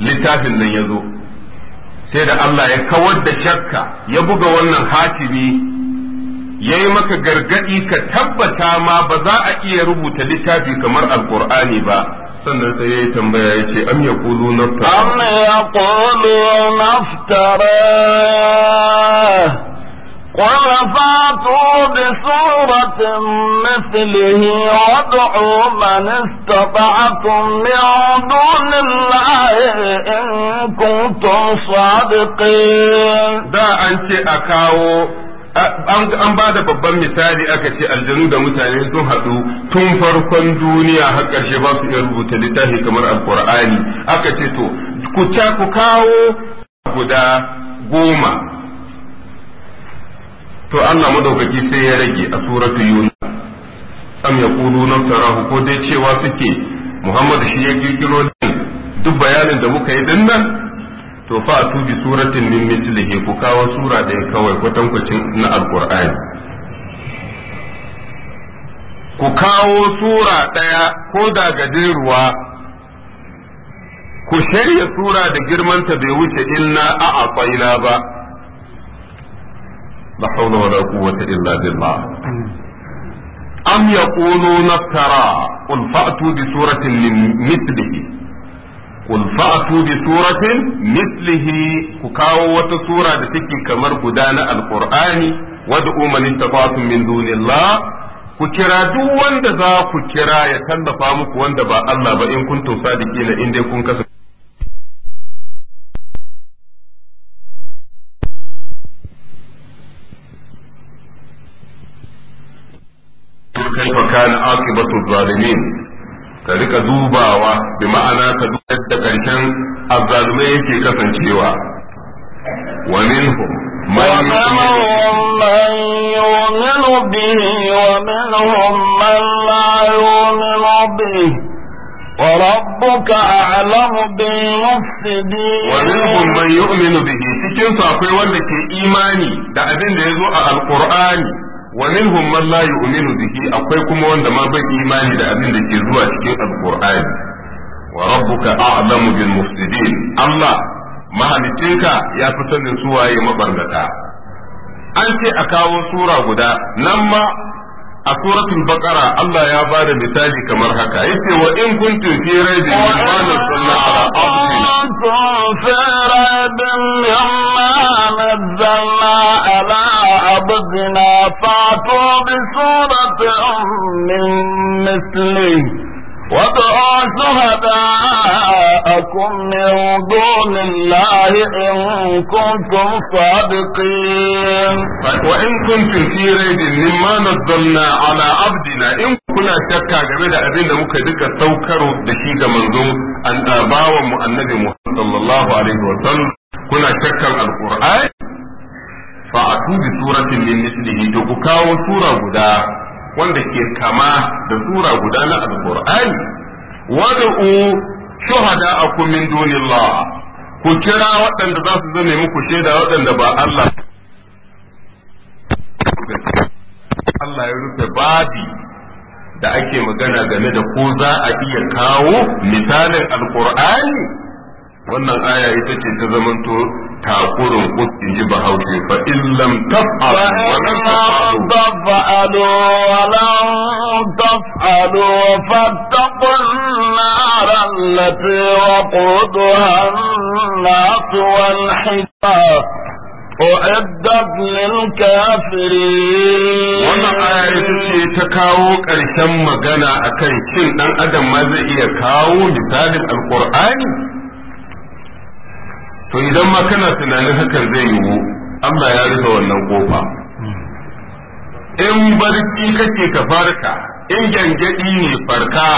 Speaker 1: littafin nan ya zo sai da Allah ya kawar da shakka ya buga wannan hatimi ya yi maka gargaɗi ka tabbata ma ba za a iya rubuta littafi kamar alkur'ani ba sannan sai ya yi tambaya ya ce am yaqulu naftara
Speaker 2: am yaqulu naftara قل فاتوا بسورة مثله وادعوا من استطعتم من دون الله إن كنتم صادقين
Speaker 1: دا أنت أكاو an ba da babban misali aka ce aljanu da mutane sun haɗu tun farkon duniya har ƙarshe ba su iya rubuta littafi kamar alkur'ani aka ce to ku kawo guda goma to Allah madaukaki sai ya rage a suratu yunus am yaquluna tarahu ko dai cewa suke Muhammad shi ya kirkiro din duk bayanin da muka yi din nan to fa atu bi suratin min mislihi ku kawo sura da kawai kwatankwacin na alqur'ani ku kawo sura ɗaya ko da gajeruwa ku shirya sura da girmanta bai wuce inna a ba la hawla wala quwwata illa billah am yaquluna tara qul fa'tu bi suratin mithlihi qul fa'tu bi suratin mithlihi ku kawo wata sura da take kamar guda na alqur'ani wad'u man istata'tum min dunillah ku kira duk wanda za ku kira ya tallafa muku wanda ba Allah ba in kun tosa da kila in dai kun kasa kaifa kana aqibatu zalimin ka rika dubawa bi ma'ana ka duba da karshen azzalumai yake kasancewa wa minhum ومنهم
Speaker 2: من يؤمن به ومنهم من لا يؤمن به
Speaker 1: وربك أعلم بالمفسدين ومنهم من يؤمن به cikin akwai wanda ke imani da abin da ya zo a wa minhum man la yu'minu bihi akwai kuma wanda ma bai imani da abin da ke zuwa cikin alqur'ani wa rabbuka a'lamu bil mufsidin Allah mahalicinka ya fi sanin suwaye mabarnata an ce a kawo sura guda nan ma a suratul baqara Allah ya ba da misali kamar haka yace wa in kuntum fi raibin
Speaker 2: mimma nazzalna ala abdina fa'tu bi suratin min mislihi
Speaker 1: وادعوا شهداءكم
Speaker 2: من دون الله إن كنتم صادقين وإن كنتم في ريب مما نزلنا على عبدنا
Speaker 1: إن كنا شكا game da abin da muka duka saukar da shi ga manzo an bawa mu annabi Muhammad sallallahu alaihi wa sallam kuna shakkan alqur'ani fa to ku kawo sura guda wanda ke kama da sura guda na alqur'ani wad'u shuhada'akum min dunillah ku kira waɗanda za su zame muku shaida waɗanda ba Allah Allah ya rufe babi da ake magana game da ko za a iya kawo misalin alqur'ani wannan aya ita ce ta zamanto takurin kus in ji bahaushe fa in lam taf'alu wa
Speaker 2: lam taf'alu wa lam taf'alu fattaqun nar allati waqudha an-nas wal
Speaker 1: hijab أعدت للكافرين wannan aya ce ta kawo ƙarshen magana akan shin ɗan adam ma zai iya kawo misalin alƙur'ani to idan ma kana tunanin hakan zai yiwu Allah ya rufe wannan kofa in barci kake ka farka in gangadi ne farka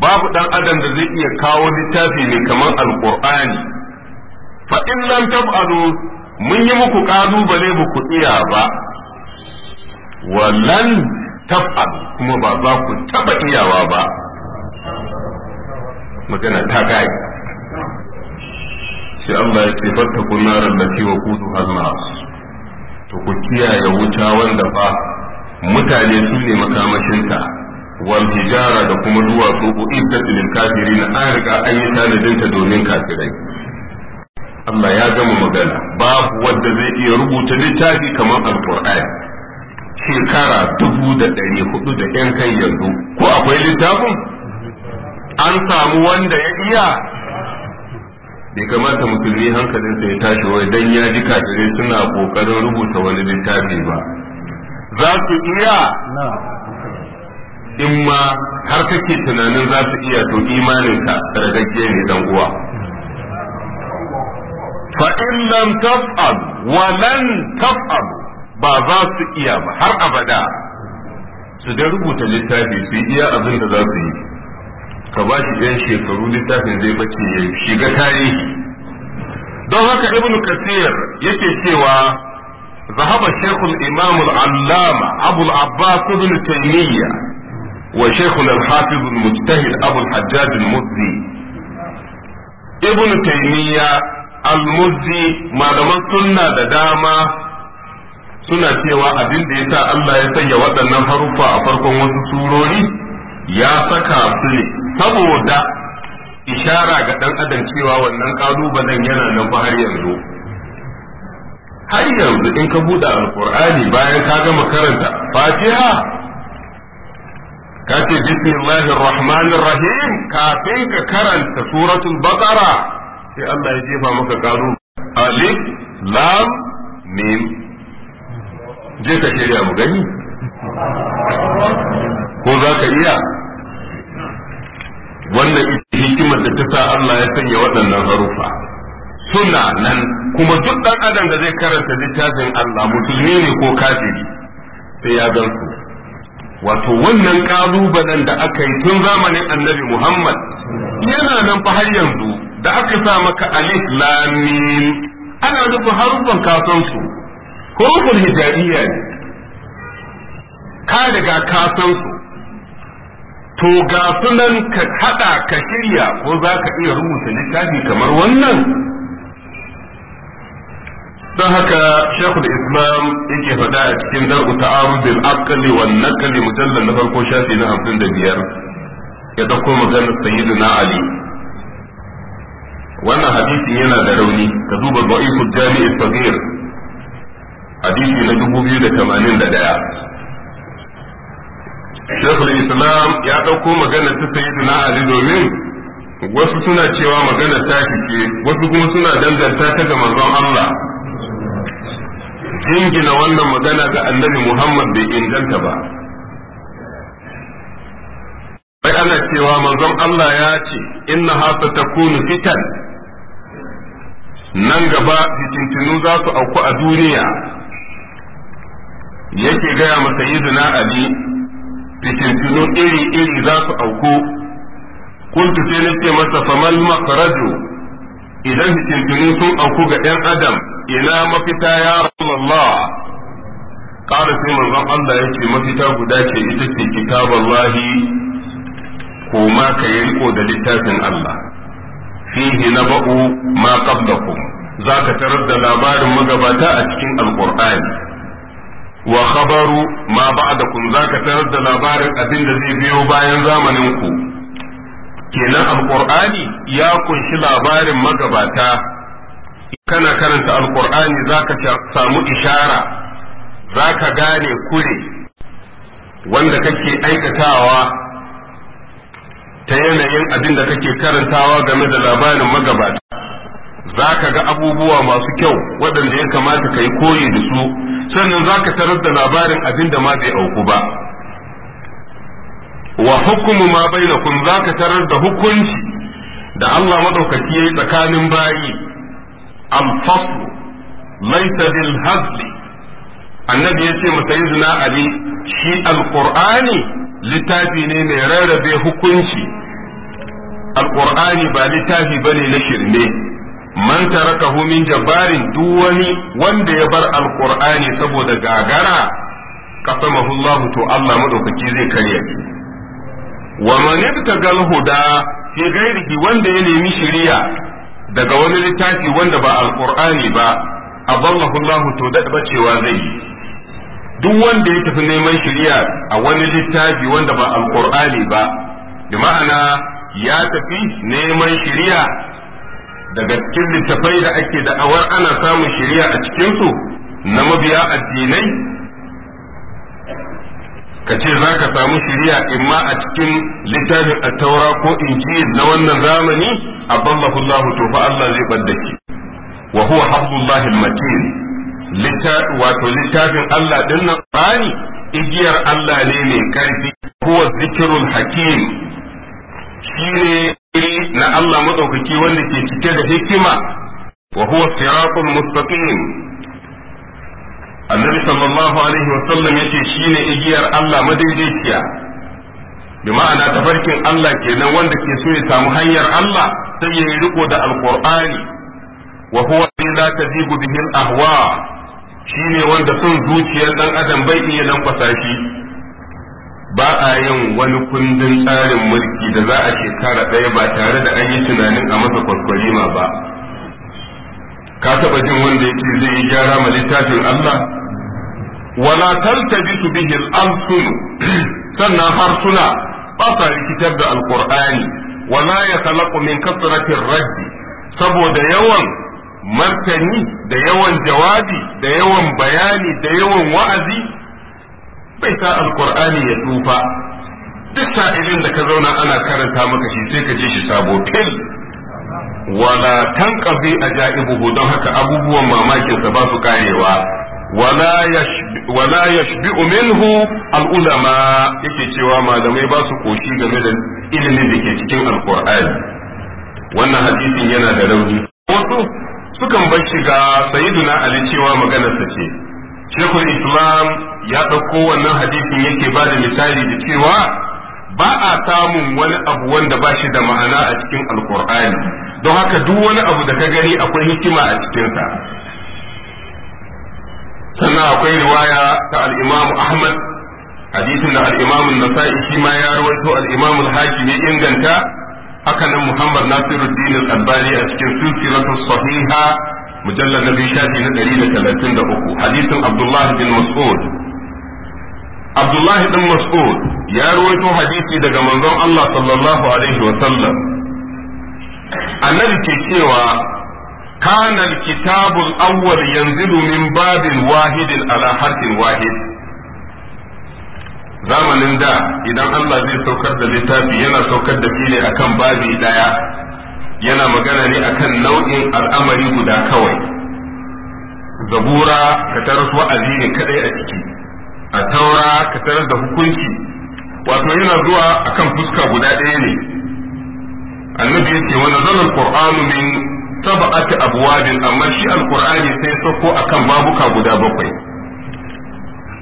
Speaker 1: babu dan adam da zai iya kawo littafi ne kamar Alƙur'ani. fa in lam tab'alu mun yi muku kalubale ba ku iya ba wallan tab'alu kuma ba za ku taba iyawa ba magana ta gaya sai Allah ya ce fattakun naran da wa kudu hannas to ku kiyaye wuta wanda fa mutane su ne makamashinta wal hijara da kuma duwatsu uiddat kafiri na an riga an yi tanadinta domin kafirai Allah ya gama magana babu wanda zai iya rubuta littafi kamar alqur'ani shekara dubu da ɗari hudu da ƴan kai yanzu ko akwai littafin an samu wanda ya iya bai kamata musulmi hankalinsa ya tashi wai dan ya ji kafirai suna kokarin rubuta wani littafi ba za su iya in ma har kake tunanin za su iya to imaninka ragagge ne dan uwa fa in lam taf'al wa lan taf'al ba za su iya ba har abada su da rubuta littafi su iya abin da za su yi ka ba shi ɗan shekaru littafin zai bace ya shiga tarihi don haka ibnu kasir yake cewa ذهب الشيخ الإمام العلامة أبو العباس بن تيمية وشيخنا الحافظ المجتهد أبو الحجاج المزي ابن تيمية المزي ما لم سنة داما suna cewa abin da ya sa Allah ya sanya waɗannan haruffa a farkon wasu surori ya saka su saboda ishara ga ɗan adam cewa wannan kalubalen yana nan fa har yanzu har yanzu in ka buɗe alkur'ani bayan ka gama karanta fatiha ka ce bismillahir rahmanir rahim kafin ka karanta suratul baqara sai Allah ya jefa maka kalu alif lam mim je ka shirya mu gani ko za ka iya wannan ita hikimar da ta sa Allah ya sanya waɗannan harufa suna nan kuma duk ɗan adam da zai karanta littafin Allah musulmi ne ko kafiri sai ya gan su wato wannan ƙalubalen da aka yi tun zamanin annabi Muhammad yana nan fa har yanzu da aka sa maka alif lam mim ana nufin harufan kasan su hurufun hijaiya ne ka daga ka su to ga sunan ka hada ka shirya ko za ka iya rubuta littafi kamar wannan don haka shekul islam yake faɗa a cikin dar'u arubin akali wan naqli mujallal na farko shafi na hamsin da biyar ya dauko maganar na ali wannan hadisin yana da rauni ka duba da'ifu jami'i sagir hadisi na dubu biyu da tamanin da ɗaya shekul islam ya ɗauko magana ta sayyidina ali domin wasu suna cewa magana ta ce wasu kuma suna danganta ta ga manzon Allah jingina wannan magana ga annabi Muhammad bai inganta ba sai ana cewa manzon Allah ya ce inna hasa takunu fitan nan gaba fitintinu za su auku a duniya
Speaker 2: yake gaya masa zina
Speaker 1: Ali fitintinu iri-iri za su auku kuntu sai na ce masa famal makarajo idan fitintinu sun auku ga ɗan adam ina mafita ya Allah ƙara sai manzon Allah ce mafita guda ce ita ce kitaballahi ko ma ka yi riko da littafin Allah
Speaker 2: fihi na ba'u ma qablakum
Speaker 1: za ka tarar da labarin magabata a cikin alƙur'ani wa khabaru ma ba'dakum zaka tarar da labarin abin da zai biyo bayan zamanin ku kenan alqur'ani ya ƙunshi labarin magabata kana karanta alqur'ani zaka samu ishara zaka gane kure wanda kake aikatawa ta yanayin abin da kake karantawa game da labarin magabata zaka ga abubuwa masu kyau waɗanda ya kamata ka yi koyi da su sannan za ka tarar da labarin abin da ma zai auku ba wa hukumu ma bai kun za ka tarar da hukunci da Allah maɗaukaki ya yi tsakanin bayi alfaslu laisa bil hazli annabi ya ce masa yi zina ali shi alƙur'ani littafi ne mai rarrabe hukunci alƙur'ani ba littafi ba ne na shirme man tarakahu min jabarin duk wani wanda ya bar alqur'ani saboda gagara qasamahu Allah to Allah madaukaki zai karya shi wa man ibtagal huda fi ghairihi wanda ya nemi shiriya daga wani littafi wanda ba alqur'ani ba aballahu Allah to da bacewa zai yi duk wanda ya tafi neman shiriya a wani littafi wanda ba alqur'ani ba bi ma'ana ya tafi neman shiriya daga cikin littafai da ake da'awar ana samun shirya a cikinsu na mabiya addinai ka ce za ka samu shirya imma a cikin littafin attaura ko injil na wannan zamani aballahu Allah to fa Allah zai badda shi wa huwa hablullahi almatin wato littafin Allah din nan bani igiyar Allah ne mai karfi huwa zikrul hakim shine na Allah madaukaki wanda ke cike da hikima wa huwa siratul mustaqim annabi sallallahu alaihi wasallam yake yace shine igiyar Allah madaidaiciya bi ma'ana tafarkin Allah kenan wanda ke so ya samu hanyar Allah sai ya riko da alqur'ani wa huwa la tazigu bihi al-ahwa shine wanda son zuciyar dan adam bai iya lankwasa shi ba a yin wani kundin tsarin mulki da za a shekara ɗaya ba tare da an yi tunanin a masa kwaskwarima ba ka taɓa jin wanda yake zai yi gyara ma littafin Allah wala su bihi al amsun (clears throat) sannan harsuna ba sa rikitar da alqur'ani wala yatalaqu min kasrati ar-radd saboda yawan martani da yawan jawabi da yawan bayani da yawan wa'azi bai sa alkur'ani ya tsufa duk sa'ilin da ka zauna ana karanta maka shi sai ka je shi sabo fil wala tanqabi ajaibuhu don haka abubuwan mamakin sa ba su karewa wala wala yashbi minhu al'ulama yake cewa malamai ba su koshi game da ilimin da ke cikin alkur'ani wannan hadisin yana da rauni wasu sukan bar shiga sayyiduna ali cewa maganar sa ce shekul islam ya ɗauko wannan hadisin yake ba da misali da cewa ba a samun wani abu wanda ba shi da ma'ana a cikin alkur'ani don haka duk wani abu da ka gani akwai hikima a cikinsa sannan akwai riwaya ta al'imamu ahmad hadisin da al'imamun nasa'i shi ma ya rawaito al'imamun hakim ya inganta haka nan muhammad nasiruddin al-albani a cikin silsilatu sahiha mujallar na biyu shafi na 133 hadisin abdullah bin mas'ud Abdullahi dan Mas'ud ya ruwaito hadisi daga manzon Allah sallallahu alaihi wa sallam
Speaker 3: annabi ke cewa
Speaker 1: kana al-kitabu al-awwal babin wahidin ala harfin wahid zamanin da idan Allah zai saukar da littafi yana saukar da shi akan babi daya yana magana ne akan nau'in al'amari guda kawai zabura da taras wa'azi ne kaɗai a ciki a taura ka tarar da hukunci wato yana zuwa akan fuska guda ɗaya ne annabi yake wani nazala alqur'anu min sab'ati abwabin amma shi alqur'ani sai sako akan babuka guda bakwai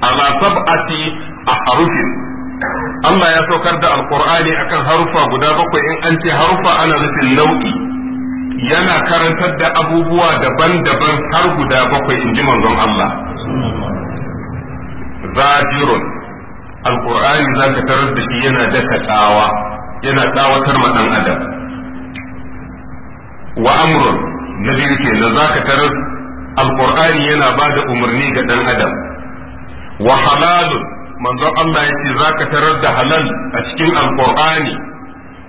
Speaker 1: ala sab'ati ahrufin Allah ya saukar da alqur'ani akan harufa guda bakwai in an ce harufa ana nufin nau'i yana karantar da abubuwa daban-daban har guda bakwai in ji manzon Allah zajirun za zaka tarar da shi yana daka tsawa yana tsawatar ma ɗan adam wa amrun na biyu kenan zaka tarar alqur'ani yana da umarni ga dan adam wa halalun manzon Allah za ka tarar da halal a cikin alqur'ani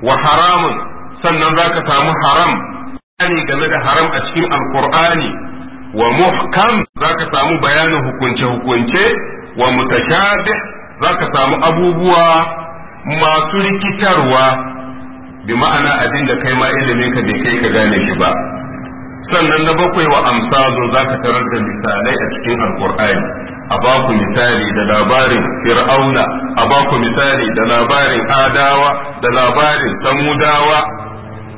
Speaker 1: wa haramun sannan zaka samu haram bayani game da haram a cikin alkur'ani wa muhkam zaka samu bayanin hukunce hukunce wa mutashabih zaka samu abubuwa masu rikitarwa bi ma'ana abin da kai ma ilimin ka bai kai ka gane shi ba sannan na bakwai wa amsazo zaka tarar da misalai a cikin alqur'ani a baku misali da labarin fir'auna a baku misali da labarin adawa da labarin samudawa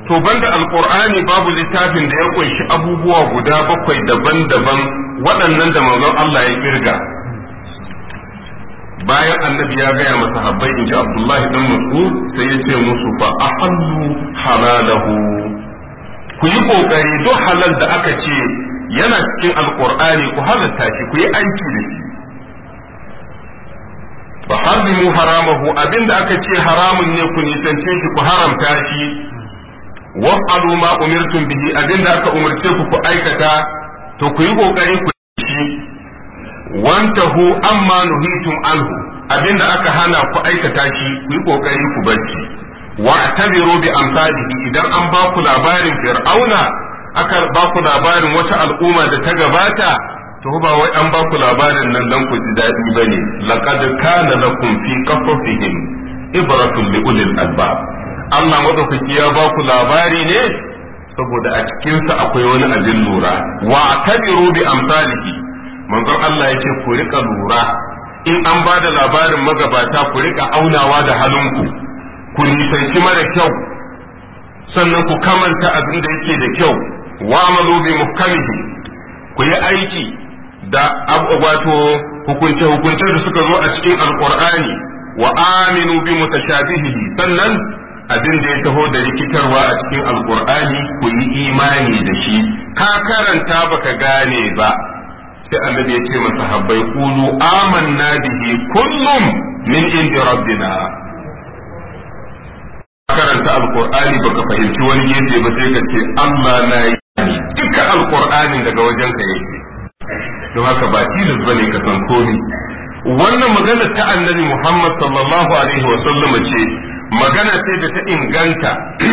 Speaker 1: to banda alqur'ani babu littafin da ya kunshi abubuwa guda bakwai daban-daban waɗannan da manzon Allah ya kirga bayan annabi ya gaya masa habbai in ji abdullahi dan mas'ud sai ya ce musu fa ahallu halalahu ku yi kokari duk halal da aka ce yana cikin alqur'ani ku halatta shi ku yi aiki da shi fa harrimu haramahu abinda aka ce haramun ne ku nisance shi ku haramta shi wa'alu ma umirtum bihi abinda aka umarce ku ku aikata to ku yi kokari ku shi wantahu amma nuhitum anhu abinda aka hana ku aikata shi ku yi kokari ku barci wa tabiru bi amsalihi idan an ba ku labarin fir'auna aka ba ku labarin wata al'umma da ta gabata to ba wai an ba ku labarin nan dan ku ji dadi bane laqad kana lakum fi qasasihim ibratun li ulil albab Allah madaukaki ya ba ku labari ne saboda a cikinsa akwai wani abin lura wa tabiru bi amsalihi manzon Allah yake ku rika lura in an ba da labarin magabata ku rika aunawa da halinku ku nisanci mara kyau sannan ku kamanta abin da yake da kyau wa amalu bi muhkamihi ku yi aiki da wato hukunce hukunce da suka zo a cikin alqur'ani wa aminu bi mutashabihi sannan abin da ya taho da rikitarwa a cikin alqur'ani ku yi imani da shi ka karanta baka gane ba sai annabi ya ce masa habbai qulu amanna bihi kullum min indi rabbina karanta alqur'ani baka fahimci wani gefe ba sai ka ce Allah na yi duka alqur'ani daga wajen ka yake don haka ba tilas bane ka san komai wannan magana ta annabi Muhammad sallallahu alaihi wa sallama ce magana ce da ta inganta (clears throat)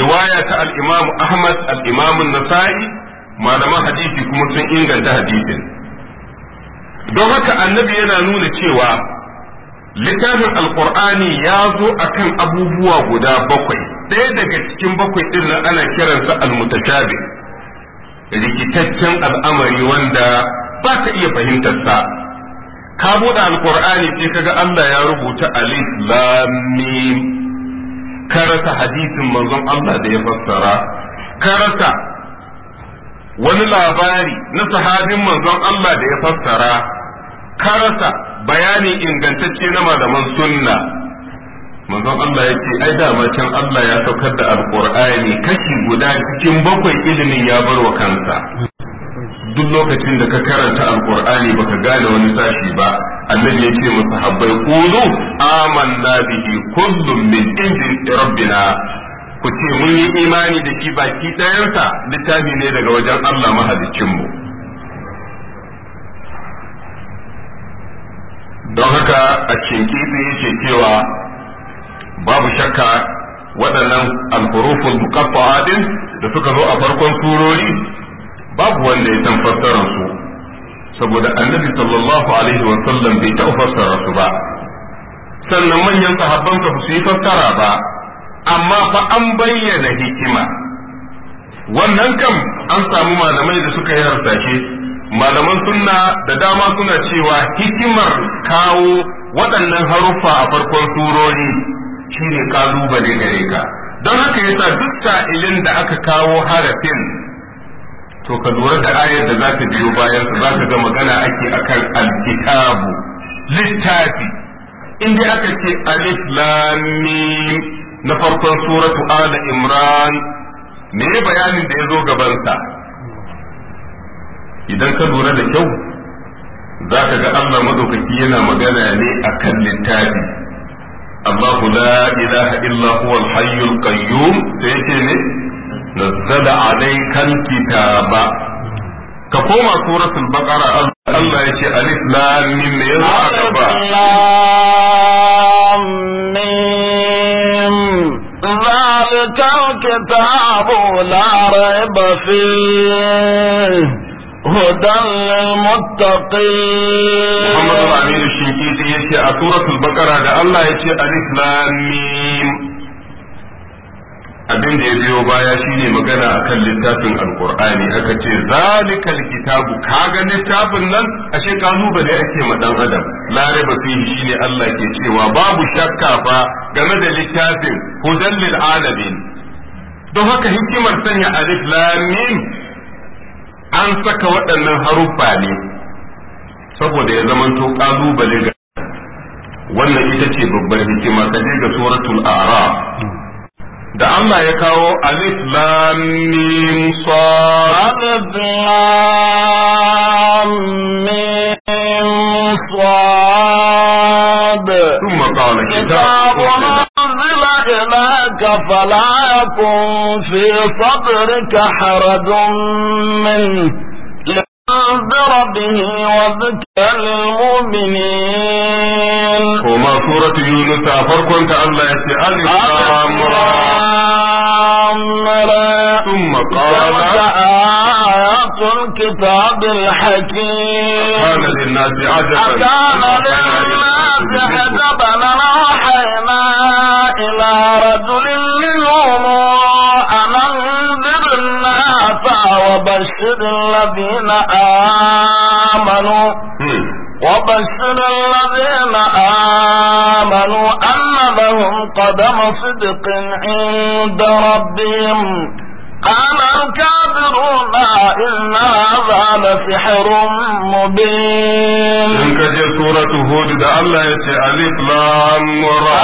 Speaker 1: riwaya ta al-Imam Ahmad al-Imam Nasa'i malaman hadisi kuma sun inganta hadisin don haka annabi yana nuna cewa littafin alkur'ani ya zo akan abubuwa guda bakwai ɗaya daga cikin bakwai ɗin ana kiransa almutashabi rikitaccen al'amari wanda ba ta iya fahimtarsa ka buɗe alkur'ani sai kaga Allah ya rubuta alif lam mim ka rasa hadisin manzon Allah da ya fassara ka rasa wani labari na sahabin manzon Allah da ya fassara karasa bayani ingantacce na malaman sunna manzon Allah ya ce ai dama can Allah ya saukar da alqur'ani kashi guda cikin bakwai ilimin ya bar wa kansa duk lokacin da ka karanta alqur'ani baka gane wani sashi ba annabi ya ce sahabbai qulu amanna bihi kullum min indi rabbina ku ce mun yi imani da shi baki ɗayansa littafi ne daga wajen Allah mu don haka a cikin yake cewa babu shakka waɗannan al'furufun muqaffa'a din da suka zo a farkon turori babu wanda ya san fassarar su saboda annabi sallallahu alaihi wa sallam bai taɓa fassararsu ba sannan manyan sahabban su yi fassara ba amma fa an bayyana hikima wannan kam an samu malamai da suka yi harsashe malaman sunna da dama suna cewa hikimar kawo waɗannan haruffa a farkon surori shine kalubale gare ka don haka yasa duk sa'ilin da aka kawo harafin to ka lura da ayar da za ta biyo bayan za ka ga magana ake akan alkitabu littafi in aka ce alif lam na farkon suratu ala imran me bayanin da ya zo gabansa idan ka lura da kyau za ka ga Allah madaukaki yana magana ne akan kan littafi Allahu la ilaha illa huwa al-hayyul qayyum yake ne nazzala alaykal kitaba ka koma suratul baqara Allah yake alif lam mim yanzu ba
Speaker 2: ذلك الكتاب لا ريب فيه
Speaker 1: هدى للمتقين محمد الأمير الشنكيتي يتي سورة البقرة الله يتي ألف لام abin da ya biyo baya shine magana akan littafin alkur'ani aka ce zalikal kitabu kaga littafin nan ashe kalubale ake ma dan adam Lare ba fihi shine Allah ke cewa babu shakka fa game da littafin hudan lil alamin don haka hikimar sanya alif lam mim an saka waɗannan haruffa ne saboda ya zamanto kalubale ga wannan ita ce babbar hikima kaje ga suratul a'raf
Speaker 2: da Allah ya kawo alif lam mim sad alif lam mim sad thumma qala kitabun إليك فلا يكن في صدرك حرج منه بربه به وذكر المؤمنين وما سورة
Speaker 1: يونس فرقون تألا يأتي ألف
Speaker 2: ثم قال آيات الكتاب الحكيم كان للناس عجبا كان للناس عجبا أوحينا إلى رجل وبشر الذين آمنوا وبشر الذين آمنوا أن لهم قدم صدق عند ربهم قال الكافرون إن هذا لسحر مبين إن كجي
Speaker 1: سورة هود دا الله يتي ألف لام مرا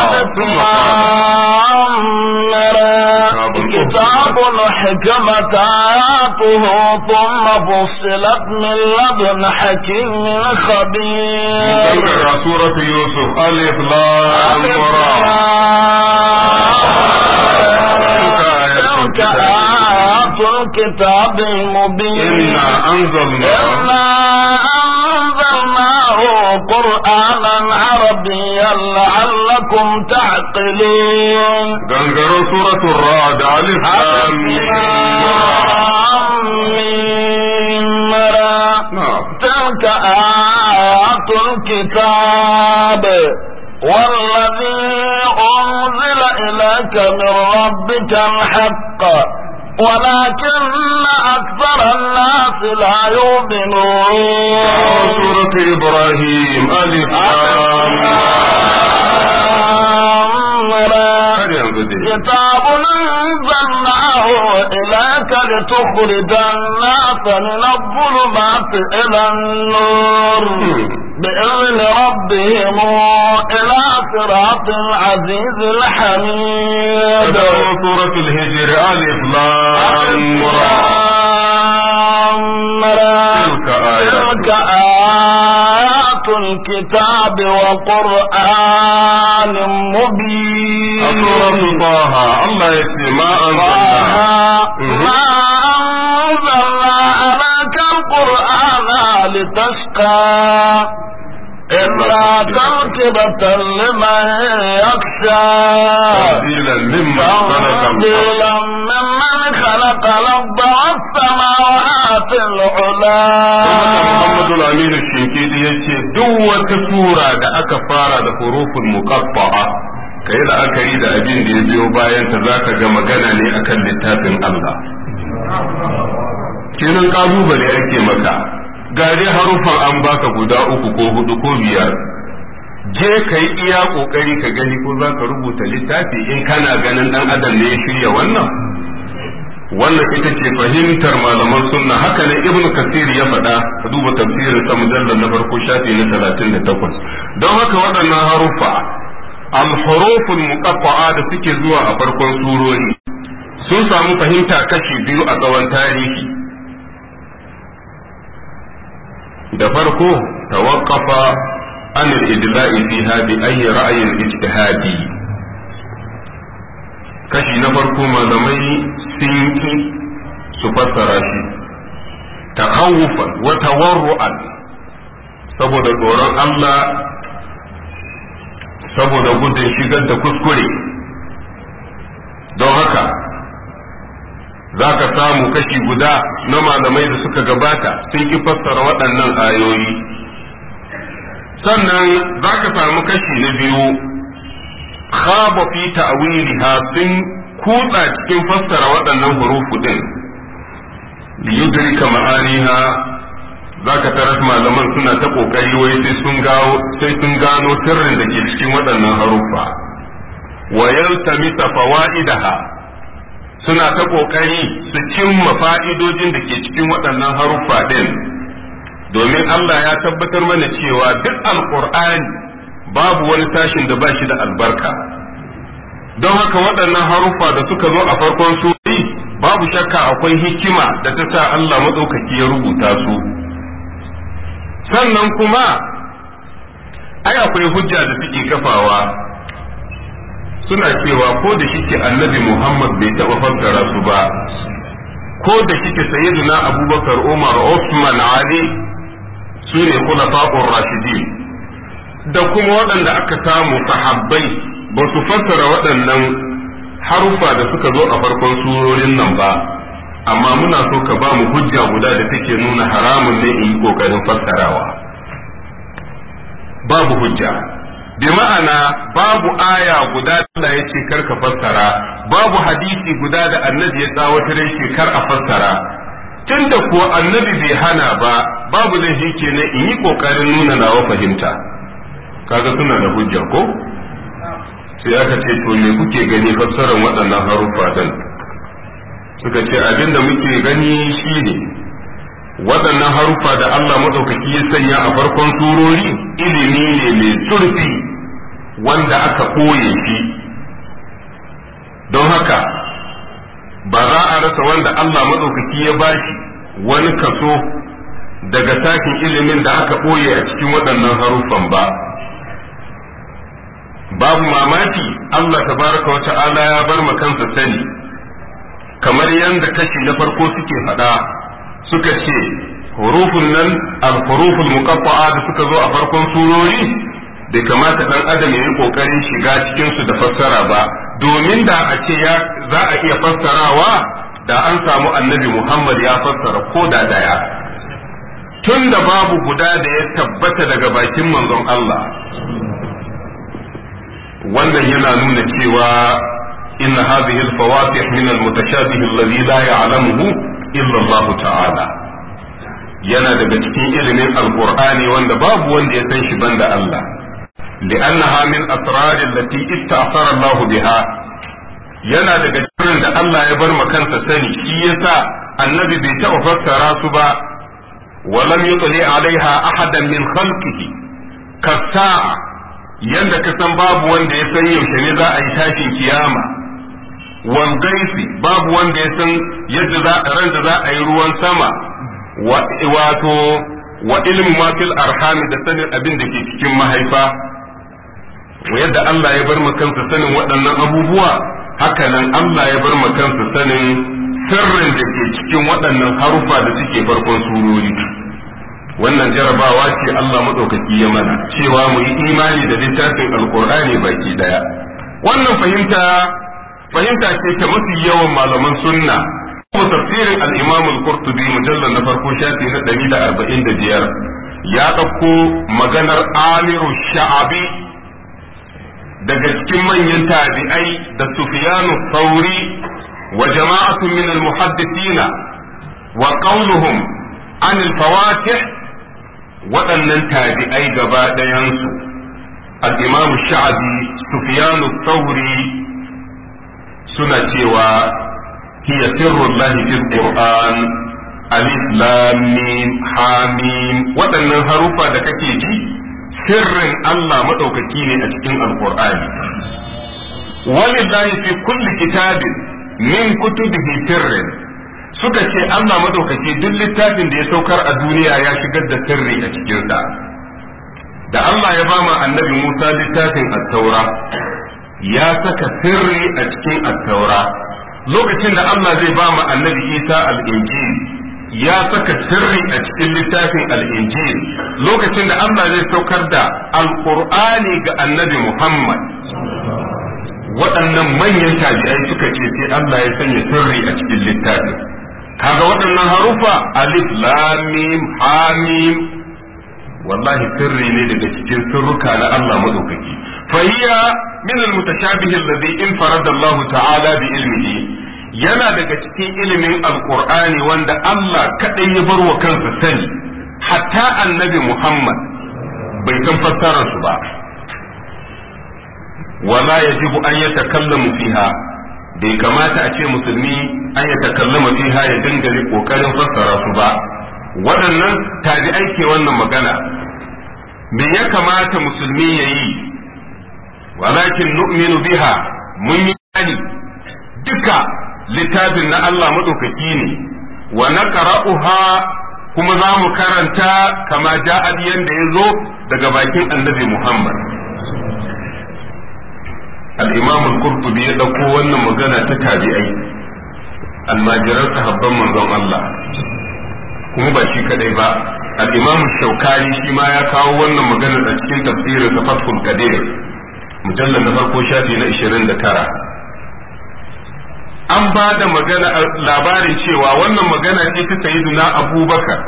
Speaker 2: كتاب حكمت آياته ثم فصلت من لدن حكيم خبير سورة يوسف ألف لام مرا تلك الكتاب المبين إنا
Speaker 1: أنزلناه
Speaker 2: قرآنا عربيا لعلكم تعقلون دنجروا سورة الرعد ألف نعم. تلك آيات الكتاب والذي أنزل إليك من ربك الحق ولكن أكثر الناس لا يؤمنون
Speaker 1: سورة إبراهيم ألف
Speaker 2: كتاب أنزلناه إليك لتخرج الناس من الظلمات إلى النور بإذن ربهم إلى صراط العزيز الحميد بدأوا
Speaker 1: سورة الهجر ألف لام
Speaker 2: تلك آيات تلك آيات الكتاب وقرآن مبين سورة طه الله يتي ما أنزلنا ما أنزلنا عليك القرآن لتشقى إلا تركبة لمن يخشى
Speaker 1: تفضيلا
Speaker 2: ممن خلق الأرض والسماوات العلى
Speaker 1: محمد الأمين الشنكيدي يشي دوة سورة دا أكفارة دا حروف مقطعة kai da aka yi da abin da ya biyo bayan ta za ka ga magana ne akan littafin Allah.
Speaker 3: Kenan ƙalubale ake maka
Speaker 1: gare harufan an baka guda uku ko hudu ko biyar je ka yi iya kokari ka gani ko za ka rubuta littafi in kana ganin dan adam ne ya shirya wannan wannan ita ce fahimtar malaman sunna haka ne ibn kasir ya faɗa ka duba tafsirin sa mujallal na farko shafi na 38 don haka waɗannan harufa al-huruful muqatta'a da suke zuwa a farkon surori sun samu fahimta kashi biyu a tsawon tarihi da farko tawaqqafa an al-idla'i fiha bi ayyi ra'yin ijtihadi kashi na farko malamai sun yi su fassara shi takhawufan wa tawarru'an saboda tsoron Allah saboda gudun shigar da kuskure don haka za ka samu kashi guda na malamai da suka gabata sun ki fassara waɗannan ayoyi sannan za ka samu kashi na biyu khaba fi ta'wiliha sun kutsa cikin fassara waɗannan hurufu din liyudrika ha, za ka tarar malaman suna ta ƙoƙari wai sai sun gano sirrin da ke cikin waɗannan haruffa wa yaltamisa fawa'idaha suna ta kokari su cimma fa'idojin da ke cikin waɗannan haruffa ɗin domin Allah ya tabbatar mana cewa duk alƙur'ani babu wani tashin da ba shi da albarka don haka waɗannan haruffa da suka zo a farkon suri babu shakka akwai hikima da ta sa Allah maɗaukaki ya rubuta su sannan kuma ai akwai hujja da suke kafawa suna cewa ko da kike annabi Muhammad bai taɓa fassara su ba ko da shike sayyiduna Abubakar Umar Usman Ali su ne khulafa'ur rashidin da kuma waɗanda aka samu sahabbai ba su fassara waɗannan harufa da suka zo a farkon surorin nan ba amma muna so ka ba mu hujja guda da take nuna haramun ne in yi kokarin fassarawa babu hujja bi ma'ana babu aya guda da ya ce kar ka fassara babu hadisi guda da annabi ya tsawatar tare ce kar a fassara tunda ko annabi bai hana ba babu laifi kenan in yi kokarin nuna nawa fahimta kaga suna da hujja ko sai aka ce to me kuke gani fassarar waɗannan haruffa din suka ce abin da muke gani ne. waɗannan haruffa da Allah madaukaki ya sanya a farkon surori ilimi ne mai turfi. wanda aka koye shi don haka ba za a rasa wanda Allah maɗaukaki ya bashi wani kaso daga sakin ilimin da aka koye a cikin waɗannan haruffan ba babu mamaki Allah tabaraka wa ta'ala ya bar ma kansa sani kamar yadda kashi na farko suke faɗa suka ce hurufun nan al-huruful muqatta'a da suka zo a farkon surori bai kamata dan adam ya yi kokarin shiga cikin su da fassara ba domin da a ce ya za a iya fassarawa da an samu annabi Muhammad ya fassara ko da daya tun da babu guda da ya tabbata daga bakin manzon Allah wannan yana nuna cewa inna hadhihi al-fawatif min al-mutashabih alladhi la ya'lamuhu illa Allah ta'ala yana daga cikin ilimin alkur'ani wanda babu wanda ya san shi banda Allah لأنها من أسرار التي استأثر الله بها yana daga cikin da Allah ya bar makansa sani shi yasa annabi bai taɓa fassara su ba walam yutli alaiha ahadan min khalqihi kasa yanda ka san babu wanda ya san yaushe ne za a yi tashin kiyama wal gaisi babu wanda ya san yadda za a ran da za a yi ruwan sama wato wa ilmu ma fil arham da sanin abin da ke cikin mahaifa yadda Allah ya bar kansa sanin waɗannan abubuwa haka nan Allah ya bar kansa sanin sirrin da ke cikin waɗannan harufa da suke farkon surori wannan jarabawa ce Allah maɗaukaki ya mana cewa mu yi imani da littafin alkur'ani baki ɗaya. wannan fahimta fahimta ce ta mafi yawan malaman sunna kuma tafsirin al-Imam al-Qurtubi mujallal na farko shafi na 145 ya ɗauko maganar Amiru Sha'abi daga cikin manyan tabi'ai da Sufiyanu sauri wa jama'atu min al wa qawluhum an al waɗannan tabi'ai gaba ɗayansu al-imam sha'abi sufyanu sauri suna cewa hiya sirrullahi fil qur'an alif lam mim hamim waɗannan haruffa da kake ji sirrin Allah madaukaki ne a cikin alqur'ani walillahi fi kulli kitabin min suka ce Allah madaukaki duk littafin da ya saukar a duniya ya shigar da sirri a cikinsa da Allah ya bama annabi Musa littafin at-taura ya saka sirri a cikin at-taura lokacin da Allah zai bama annabi Isa al-injil ya saka sirri a cikin littafin al'injil lokacin da Allah zai saukar da alƙur'ani ga annabi Muhammad waɗannan manyan tabi'ai suka ce sai Allah ya sanya sirri a cikin littafin kaga waɗannan harufa alif lamim hamim wallahi sirri ne daga cikin sirruka na Allah madaukaki fahiya min al-mutashabih alladhi in farada Allah ta'ala bi ilmihi yana daga cikin ilimin alkur'ani wanda Allah kaɗai ya bar wa kansa sani hatta annabi Muhammad bai san fassararsu ba wala yajibu an ya takallamu fiha bai kamata a ce musulmi an ya takallama fiha ya dinga kokarin fassara su ba waɗannan tabi aike wannan magana me ya kamata musulmi ya yi walakin nu'minu biha mun yi duka littafin na Allah madaukaki ne wa naqra'uha kuma za mu karanta kama da ya zo daga bakin annabi Muhammad al-imam al-qurtubi ya dauko wannan magana ta tabi'ai almajiran sahabban manzon Allah kuma ba shi kadai ba al-imam shaukani shi ma ya kawo wannan magana a cikin tafsirin sa fathul qadir mujallal na farko shafi na 29 an ba da magana eh, labarin cewa wannan magana ce ta sayyiduna abubakar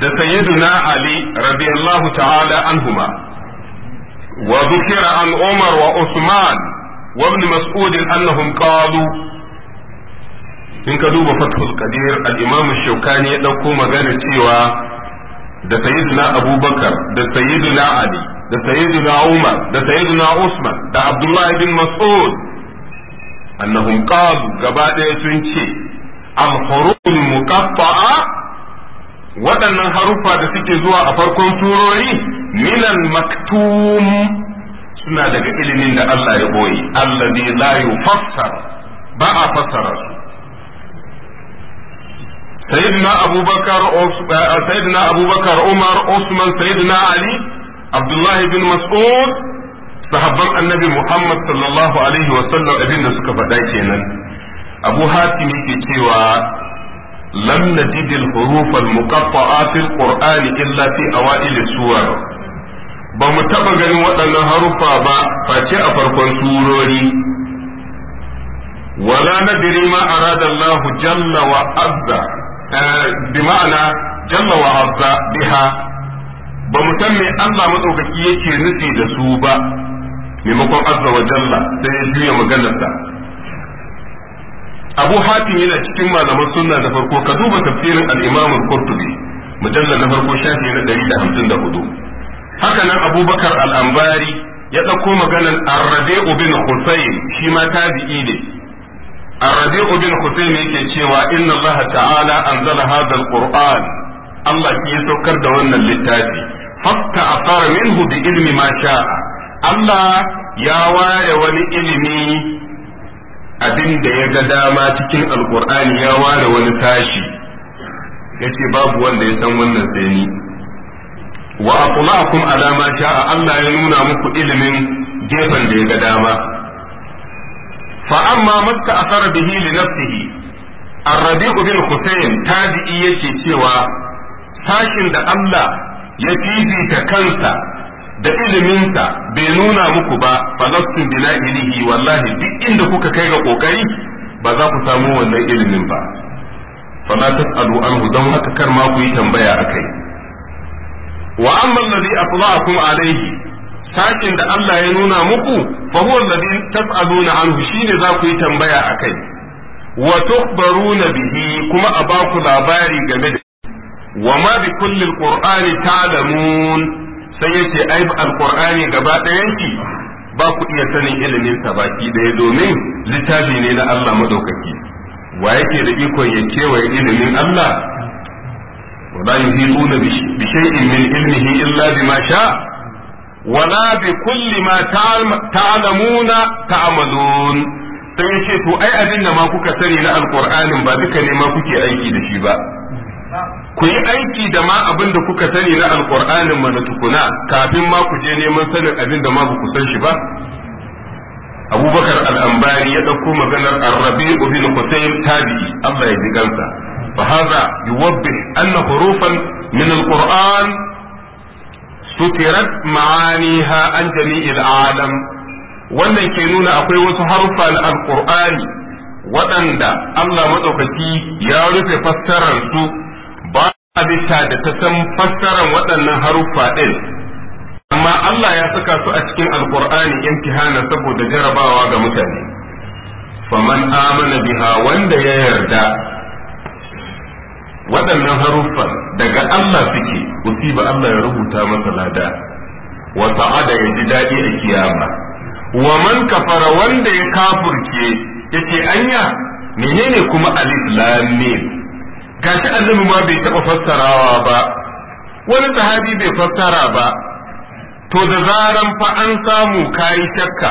Speaker 1: da sayyiduna ali radiyallahu ta'ala anhuma wa dhukira an umar wa usman wa ibn mas'ud annahum qalu in ka duba fathul qadir al-imam shaukani ya dauko magana cewa da sayyiduna abubakar da sayyiduna ali da sayyiduna umar da sayyiduna usman da abdullah ibn mas'ud annahum qalu gaba ɗaya sun ce al-huruful waɗannan haruffa da suke zuwa a farkon surori minan maktum suna daga ilimin da Allah ya boye allazi la yufassar ba a fassara su سيدنا أبو بكر سيدنا أبو بكر عمر عثمان سيدنا علي عبد الله بن مسعود sahabban annabi Muhammad sallallahu alaihi abin da suka faɗa kenan Abu Hatim yake cewa lam najid al-huruf al-muqatta'at al-Qur'an illa fi awail suwar ba mu taɓa ganin waɗannan harufa ba face a farkon surori ولا ندري ما أراد الله جل وعز بمعنى جل وعز بها ba mu san me Allah maɗaukaki yake nufi da su ba maimakon azza wa jalla sai ya juya maganarsa abu hatim yana cikin malaman sunna na farko ka duba tafsirin al-imam al-qurtubi na farko shafi na 154 haka nan abubakar al-anbari ya dauko maganar ar-rabi'u bin husayn shi ma tabi'i ne ar-rabi'u bin husayn yake cewa inna allaha ta'ala anzala hadha al-qur'an Allah ya saukar da wannan littafi fasta afara minhu bi ilmi ma sha'a Allah ya ware wani ilimi abin da ya ga dama cikin alkur'ani ya ware wani tashi ya ce babu wanda ya san wannan sai ni wa aqulakum ala ma sha'a Allah ya nuna muku ilimin gefen da ya ga dama fa amma matta fara bihi li nafsihi الربيع بن حسين تابعي yake cewa sashin da Allah ya fifita kansa da iliminsa bai nuna muku ba falastin bina ilihi wallahi duk inda kuka kai ga kokari ba za ku samu wannan ilimin ba fala tasalu anhu don haka kar ma ku yi tambaya akai wa amma alladhi atla'akum alayhi sakin da Allah ya nuna muku fa huwa alladhi tas'aluna anhu shine za ku yi tambaya akai wa tukhbaruna bihi kuma a ba ku labari game da wa ma bi kulli alqur'ani ta'lamun sai yace ai alqur'ani gaba ɗayan ki ba ku iya sanin ilimin sa baki ɗaya domin littafi ne na Allah madaukaki wa yake da ikon ya kewaye ilimin Allah la yuhituna bi shay'in min ilmihi illa bima sha wala bi kulli ma ta'lamuna ta'malun sai yace to ai abin da ma kuka sani na alqur'anin ba duka ne ma kuke aiki da shi ba
Speaker 4: ku yi aiki
Speaker 1: da ma abin da kuka sani na alkur'anin mana tukuna kafin ma ku je neman sanin abin da ma ba ku san shi ba abubakar al'ambari ya ɗauko maganar arrabi bin husayn tabi'i allah ya ji gansa fahaza yuwabbih anna hurufan min alqur'an sutirat ma'aniha an jami'il alam wannan ke nuna akwai wasu harfa na alqur'ani waɗanda allah maɗaukaki ya rufe fassarar su abita da ta san fassarar waɗannan haruffa ɗin amma Allah ya saka su a cikin alkur'ani imtihana saboda jarabawa ga mutane faman amana biha wanda ya yarda waɗannan haruffan daga Allah suke musiba Allah ya rubuta masa lada wa sa'ada ya ji daɗi a kiyama wa man kafara wanda ya kafurce yake anya menene kuma alif lam mim gashi annabi ma bai taɓa fassarawa ba wani sahabi bai fassara ba to da zaran fa an samu kayi shakka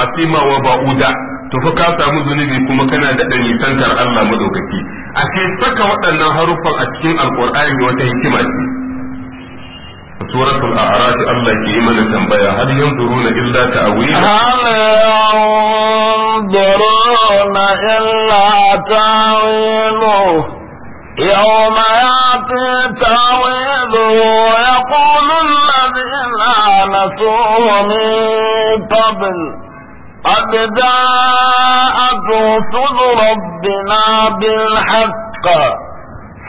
Speaker 1: a sima wa ba'uda to fa ka samu zunubi kuma kana da ɗan nisantar Allah madaukaki a ce saka waɗannan haruffan a cikin alƙur'ani wata hikima ce suratul a'raf Allah ke yi mana tambaya hal yanzuruna illa ta'wila hal
Speaker 2: yanzuruna illa ta'wila يوم يأتي تعويضه يقول الذين نسوه من قبل قد جاءت رسل ربنا بالحق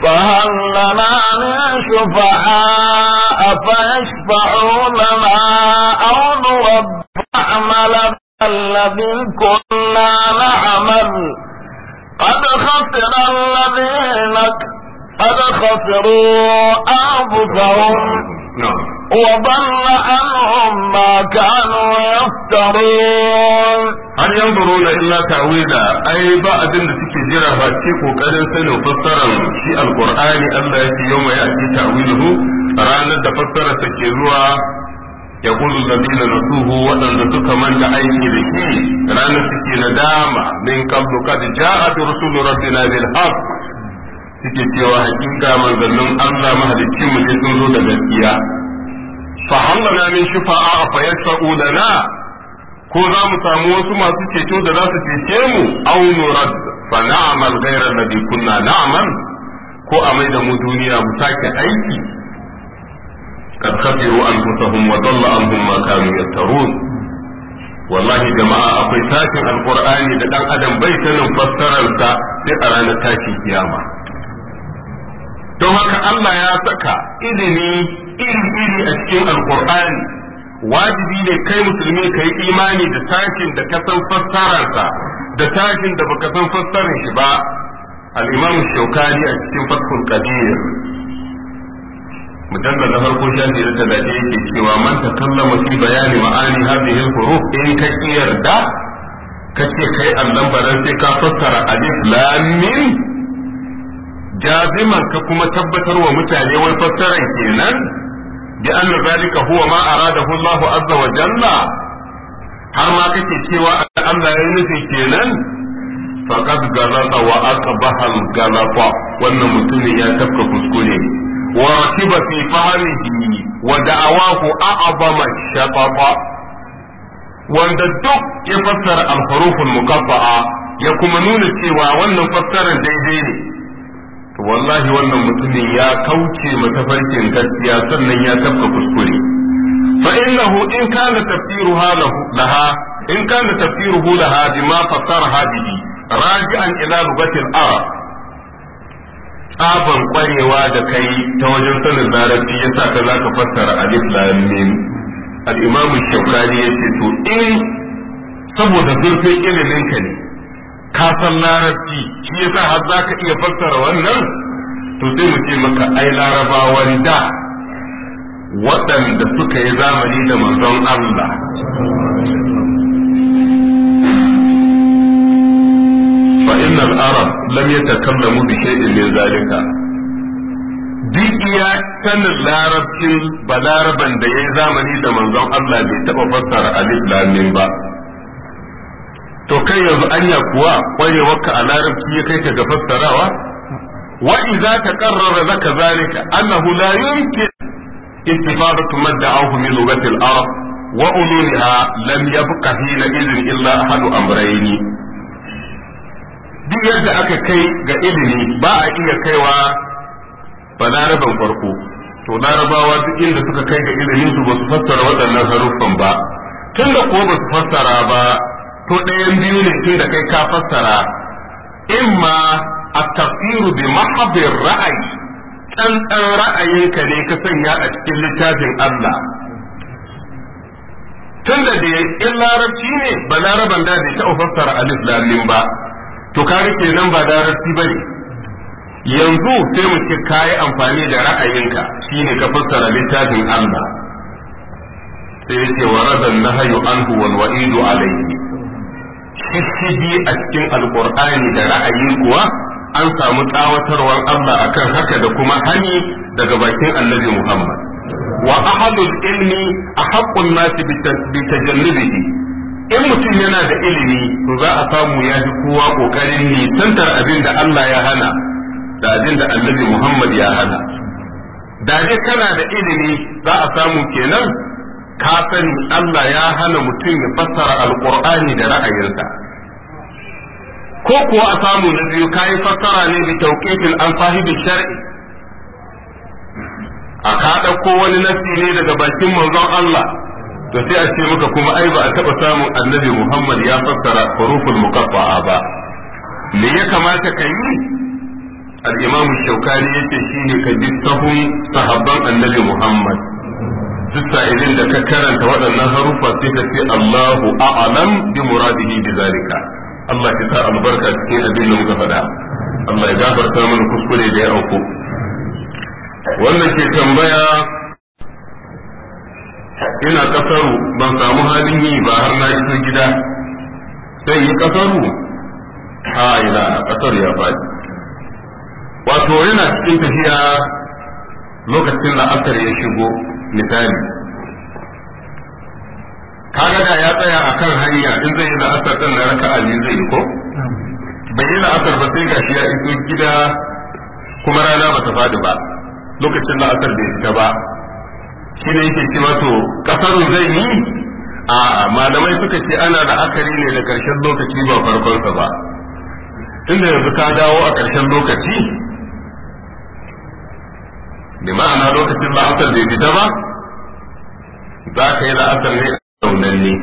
Speaker 2: فهل لنا من شفعاء فيشفعوا لنا أو نرد أعمل الذي كنا نعمل قد خسر الذين قد خسروا أنفسهم وضل عنهم ما كانوا
Speaker 1: يفترون هل ينظرون إلا تعويلا أي بعد أن تكجر فاتيك وكذا سنة فسرا في القرآن أما يأتي يوم يأتي تعويله رانا تفسر سكيزوها ya kudu zamina na suhu waɗanda suka manta aiki da ki ranar suke na dama min kablu kad ja'at rusulu rabbina bil haqq suke cewa hakika manzannin Allah mahalicci mu sun zo da gaskiya fa hallana min shufa'a fa yashfa'u lana ko za mu samu wasu masu ceto da za su cece mu aw nurad fa na'mal ghayra alladhi kunna ko a mai da mu duniya mu sake aiki قد خسروا أنفسهم وضل عنهم ما كانوا يفترون wallahi jama'a akwai tashin alkur'ani da ɗan adam bai sanin fassararsa sai a ranar tashin kiyama don haka Allah ya saka ilimi
Speaker 3: iri-iri a cikin
Speaker 1: alkur'ani wajibi ne kai musulmi ka yi imani da tashin da ka san fassararsa da tashin da baka san fassarar shi ba al-imam a cikin fathul qadir mujallar na farko shafi na talatin yake cewa man ta kallama fi bayani ma'ani hadhihi al-huruf in ka yarda kace kai allon baran sai ka fassara alif lam mim jaziman ka kuma tabbatar wa mutane wai fassarar kenan bi anna zalika huwa ma aradahu Allah azza wa jalla har ma kake cewa Allah ya nufi kenan faqad galata wa aqbaha galafa wannan mutumin ya tafka kuskure ورتب في فهمه ودعواه أعظم الشطط wanda duk ya fassara alfarufin mukaffa'a ya kuma nuna cewa wannan fassarar daidai ne to wallahi wannan mutumin ya kauce matafarkin gaskiya sannan ya tafka kuskure fa innahu in kana tafsiruha laha in kana tafsiruhu laha bima fassaraha bihi raji'an ila lughati al tsaban ƙwarewa da kai ta wajen sanin larabci ya sa ka za ka fassara alif lam mim al-imam shaukani yace to in eh, saboda zurfin ilimin ka ne ka san larabci shi yasa har za ka iya fassara wannan to sai mu ce maka ai larabawa da waɗanda suka yi zamani da manzon Allah fa innal arab lam yatakallamu bi shay'in min zalika duk iya sanin larabcin balaraban da yayi zamani da manzon Allah bai taɓa fassara alif lam ba to kai yanzu anya kuwa waka a larabci ya kai ta ga fassarawa wa idza taqarrara zaka zalika annahu la yumkin استفادة ما ادعوه من لغة العرب وأولونها لم يبق حينئذ إلا أحد أمرين duk yadda aka kai ga ilimi ba a iya kaiwa ba larabar farko to larabawa duk inda suka kai ga ilimin su ba su fassara waɗannan haruffan ba tun da kuwa ba su fassara ba to ɗayan biyu ne tun da kai ka fassara imma a tafsiru bi mahabin ra'ayi ɗanɗan ra'ayinka ne ka sanya a cikin littafin Allah tun da dai in larabci ne ba laraban da bai taɓa fassara alif lalin ba to kaga kenan ba darasi bane yanzu sai mu ce kayi amfani da ra'ayinka shine ka fassara littafin Allah sai yace na nahyu anhu wal wa'idu alayhi ittidi a cikin Alƙur'ani da ra'ayi kuwa an samu tsawatarwar Allah akan haka da kuma hani daga bakin annabi Muhammad wa ahadul ilmi an-nas bi tajannubihi in mutum yana da ilimi to za a samu ya fi kowa kokarin nisantar abin da Allah ya hana da abin da annabi Muhammad ya hana da dai kana da ilimi za a samu kenan ka sani Allah ya hana mutum ya fassara alqur'ani da ra'ayinsa ko kuwa a samu na biyu kayi fassara ne bi tauqifin an sahibi shar'i a ka wani nasi ne daga bakin manzon Allah to sai a ce maka kuma ai ba a taba samun annabi Muhammad ya fassara huruful muqaffa'a ba me ya kamata ka yi al-imam shaukani yace shine ka bi sahun sahabban annabi Muhammad duk sa'ilin da ka karanta waɗannan harufa sai ka ce Allahu a'lam bi muradihi bi zalika Allah ya sa albarka cikin abin da muka faɗa Allah ya gafarta mana kuskure da ya auku wannan ke tambaya ina kasaru ban samu halin yi ba har na iso gida sai yi kasaru ha ina kasar ya faɗi wato yana cikin tafiya
Speaker 3: lokacin la'asar ya shigo misali
Speaker 1: kaga da ya tsaya a kan hanya in zai yi la'asar ɗin na raka ali zai yi ko bai yi la'asar ba sai gashi ya iso gida kuma rana ba ta faɗi ba lokacin la'asar bai fita ba Shi ne yake cewa to kasar zai yi a malamai suka ce ana da akari ne da karshen lokaci ba farkonsa ba tunda yanzu ka dawo a karshen lokaci da ma'ana lokacin la'asar bai fita ba za ka yi la'asar ne a ne?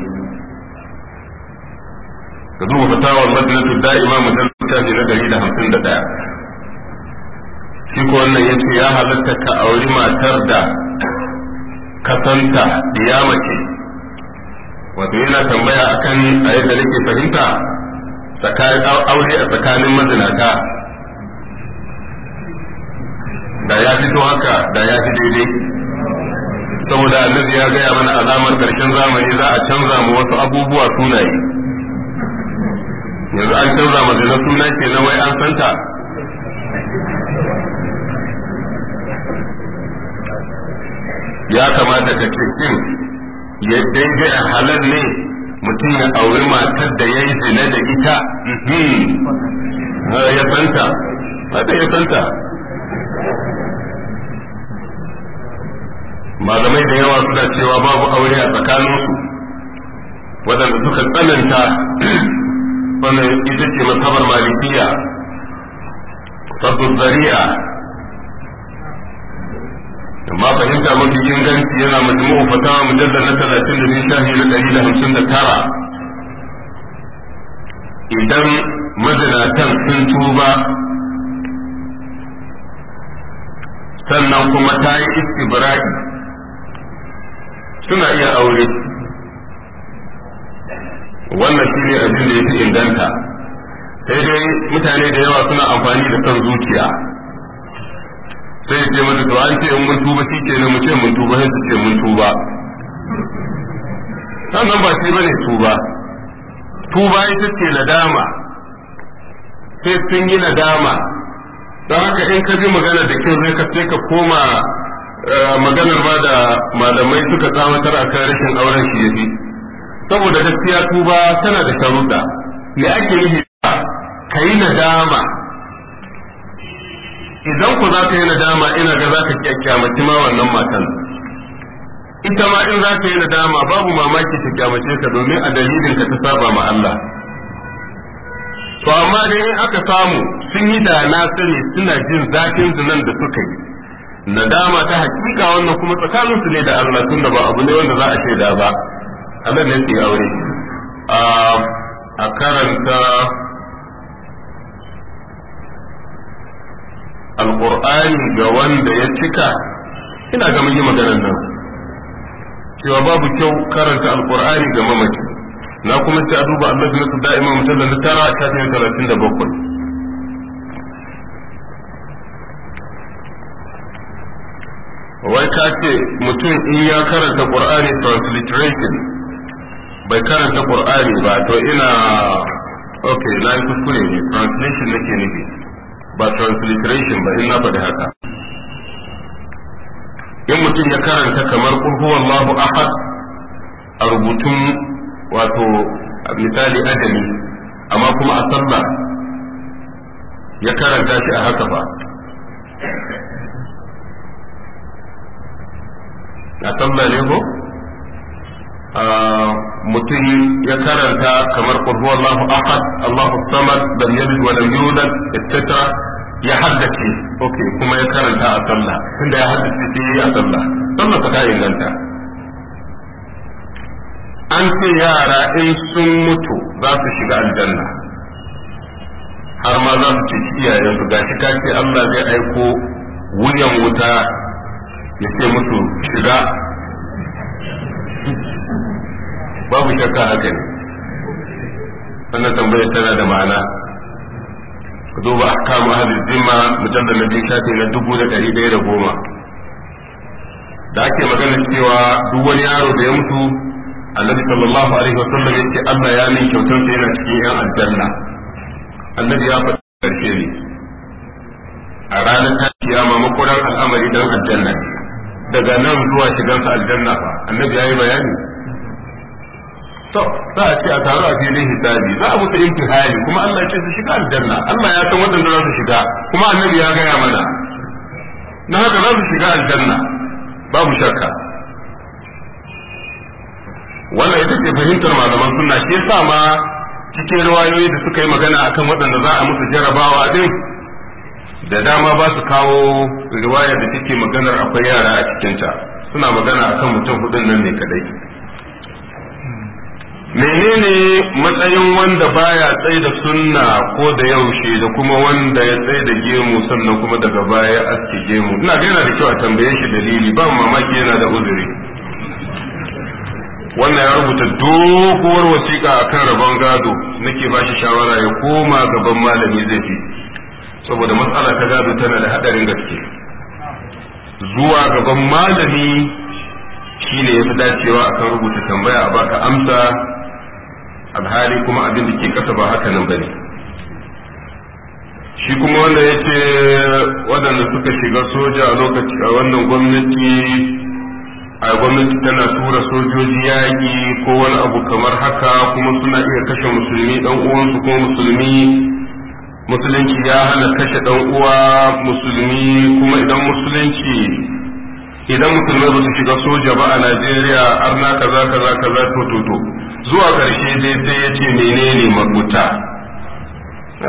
Speaker 1: ka duba fatawar majalatu da'ima mujallar ne na gari da hamsin da ɗaya shi ko wannan yace ya halatta ka auri matar da
Speaker 3: kasanta ya mace
Speaker 1: wato yana tambaya akan a da nake fahimta tsakanin aure a tsakanin mazinata da ya fito haka da ya fi daidai saboda annabi ya gaya mana alamar karshen zamani za a canza mu wasu abubuwa sunaye yanzu an canza mazina suna ke na wai an santa
Speaker 3: ya kamata ka ce shin ya dinga a halar
Speaker 4: ne mutum ya auri matar da ya yi zina da ita
Speaker 1: mhm. ya santa mata ya santa malamai da yawa suna cewa babu aure a tsakaninsu waɗanda suka tsananta wannan ita ce masabar malikiya sabbin zari'a amma fahimta mafi inganci yana majmu'u fatawa mujallar na biyu shafi na tara. idan mazinatan sun tuba sannan kuma ta yi istibra'i suna iya aure
Speaker 3: wannan shi ne abin da ya fi inganta sai dai mutane da yawa suna amfani da son zuciya
Speaker 1: sai ya ce mata to an ce in mun tuba shi ke mu ce mun tuba sai su ce mun tuba sannan ba shi bane tuba tuba ita ce nadama sai sun yi nadama don haka in ka ji magana da kyau zai ka sai ka koma eh, maganar ma da malamai suka samatar a kan rashin auren shi fi saboda gaskiya tuba tana da sharuɗa me ake yi ka yi nadama idan ku za ta yi nadama ina ga za ka kyakkyamaci ma wannan matan ita ma in za ta yi nadama babu mamaki ta kyamace ka domin a dalilin ka ta saba ma Allah to amma dai in aka samu sun yi da na sani suna jin zafin zinan da suka yi nadama ta hakika wannan kuma tsakanin su ne da Allah tunda ba abu ne wanda za a shaida ba Allah ne aure a karanta alqur'ani ga wanda ya cika ina ga mun yi maganar nan cewa babu kyau karanta alqur'ani ga mamaki na kuma sai a duba annabi na da'ima mutalla da tara a shafin 37
Speaker 2: wai ka ce mutum in ya karanta qur'ani transliteration
Speaker 1: bai karanta qur'ani ba to ina Okay, na yi kuskure ne translation nake nufi ba transliteration ba illa ba da haka in mutum ya karanta kamar Allahu ahad a rubutun wato misali adami amma kuma a sallah ya karanta shi a haka ba a sallah ne ko? mutum ya karanta kamar qul Allahu ahad Allahu samad lam yalid wa lam yulad etc ya haddace okay kuma ya karanta a sallah inda ya haddace sai a sallah sallah ta inganta an ce yara in sun mutu za su shiga aljanna har ma za su ce su? gashi ka ce Allah zai aiko wuyan wuta ya ce musu shiga babu shakka haka ne wannan tambayar tana da ma'ana ka duba ahkamu ahli zimma mujallal na biyu shafi na dubu da ɗari ɗaya da goma da ake magana cewa duk wani yaro da ya mutu annabi sallallahu alaihi wa sallam yace Allah ya min kyautar sa yana cikin yan aljanna annabi ya faɗi karshe ne a ranar ta kiyama makonan al'amari dan aljanna daga nan zuwa shigansa aljanna fa annabi ya yi bayani to za a ce a taru a filin hisabi za a mutu imtihani kuma Allah ya ce su shiga aljanna Allah ya san wadanda za su shiga kuma annabi ya gaya mana na haka za su shiga aljanna babu shakka wannan ita ce fahimtar malaman suna ke sa ma cikin riwayoyi da suka yi magana akan waɗanda za a musu jarabawa din da dama ba su kawo riwayar da take maganar akwai yara a cikinta suna magana akan mutum hudun nan ne kadai menene matsayin wanda baya tsaye da sunna ko da yaushe da kuma wanda ya tsaye da gemu sannan kuma daga baya aske gemu ina ga yana da kyau a tambaye shi dalili ba mamaki yana da uzuri wannan ya rubuta doguwar wasiƙa akan rabon gado nake ba shi shawara ya koma gaban malami zai fi saboda matsala ta gado tana da haɗarin gaske zuwa gaban malami shine ya fi dacewa akan rubuta tambaya a baka amsa alhali kuma abin da ke kasa ba haka nan bane shi kuma wanda yake waɗanda suka shiga soja a lokaci a wannan gwamnati a gwamnati tana tura sojoji yaƙi ko wani abu kamar haka kuma suna iya kashe musulmi ɗan uwansu ko musulmi musulunci ya hana kashe ɗan uwa musulmi kuma idan musulunci idan musulmai ba su shiga soja ba a najeriya arna kaza kaza kaza to to to zuwa ƙarshe dai sai ya ce menene mafuta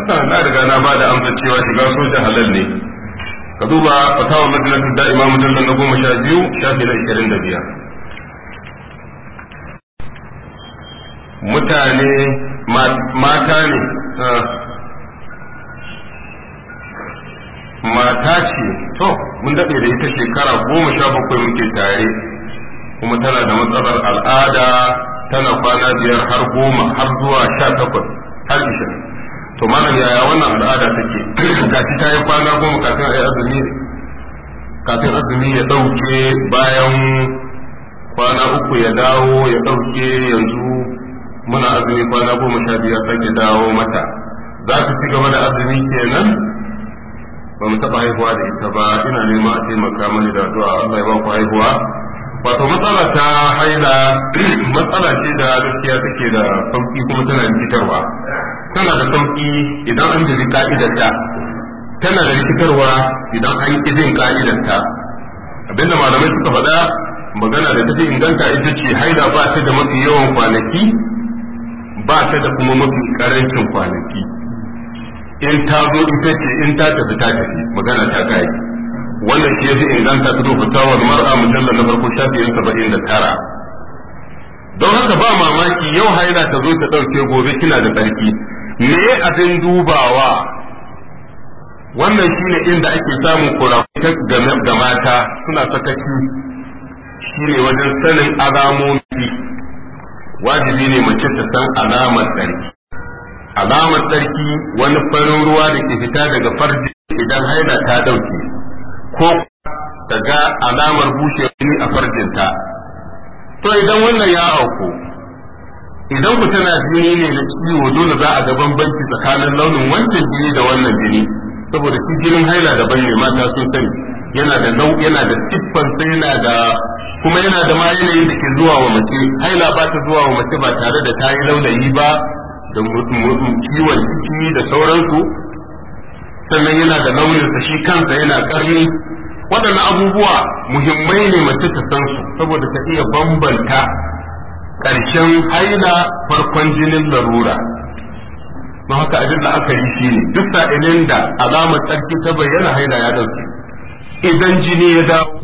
Speaker 1: na na riga na ba da amsa cewa shiga soja halal ne ka duba fatawa majalisa da imam mujallar na goma sha biyu shafi na ishirin da biyar mutane mata ne mata ce to mun daɗe da ita shekara goma sha bakwai muke tare kuma tana da matsalar al'ada tana kwana biyar har goma har zuwa sha takwas har ishirin to mana yaya wannan al'ada take (clears throat) gashi ta yi kwana goma kafin a yi azumi kafin azumi ya ɗauke bayan kwana uku ya dawo ya ɗauke yanzu muna azumi kwana goma sha biyar sake dawo mata za ta ci gaba da azumi kenan ba mu taɓa haihuwa da ita ba ina neman a taimaka mani da addu'a Allah ya ba ku haihuwa wato matsala ta haila (clears throat) matsala ce da gaskiya take da sauki kuma tana rikitarwa tana da sauki idan an jiri ka'idarta tana da rikitarwa idan an izin ka'idarta abinda malamai suka faɗa magana da ta tafi inganta ita ce haila ba ta da mafi yawan kwanaki ba ta da kuma mafi ƙarancin kwanaki in ta zo ita ce in ta tafi ta tafi magana ta kai wannan shi yafi inganta ta dufa tawar mar'a mujallar na farko shafi'in saba'in da tara don haka ba mamaki yau haila ta zo ta ɗauke gobe kina da ƙarfi me abin dubawa wannan shine inda ake samun kurakuta ga mata suna sakaci shine wajen sanin alamomi wajibi ne mace ta san alamar tsarki alamar tsarki wani farin ruwa da ke fita daga farji idan haila ta ɗauke. ko ta ga alamar bushe ni a farjinta to idan wannan ya auku idan ku tana jini ne na ciwo dole za a ga bambanci tsakanin launin wancan jini da wannan jini saboda shi jinin haila daban ne mata sun sani yana da nau yana da tiffan sai yana da kuma yana da ma yanayin da ke zuwa wa mace haila ba ta zuwa wa mace ba tare da ta yi launayi ba da ciwon ciki da sauransu sannan yana da launinsa shi kansa yana karni waɗannan abubuwa muhimmai ne mace ta san su saboda ta iya bambanta ƙarshen haila farkon jinin larura don haka abin da aka yi shi ne duk sa'ilin da alamar tsarki ta bayyana haila ya ɗauke idan jini ya dawo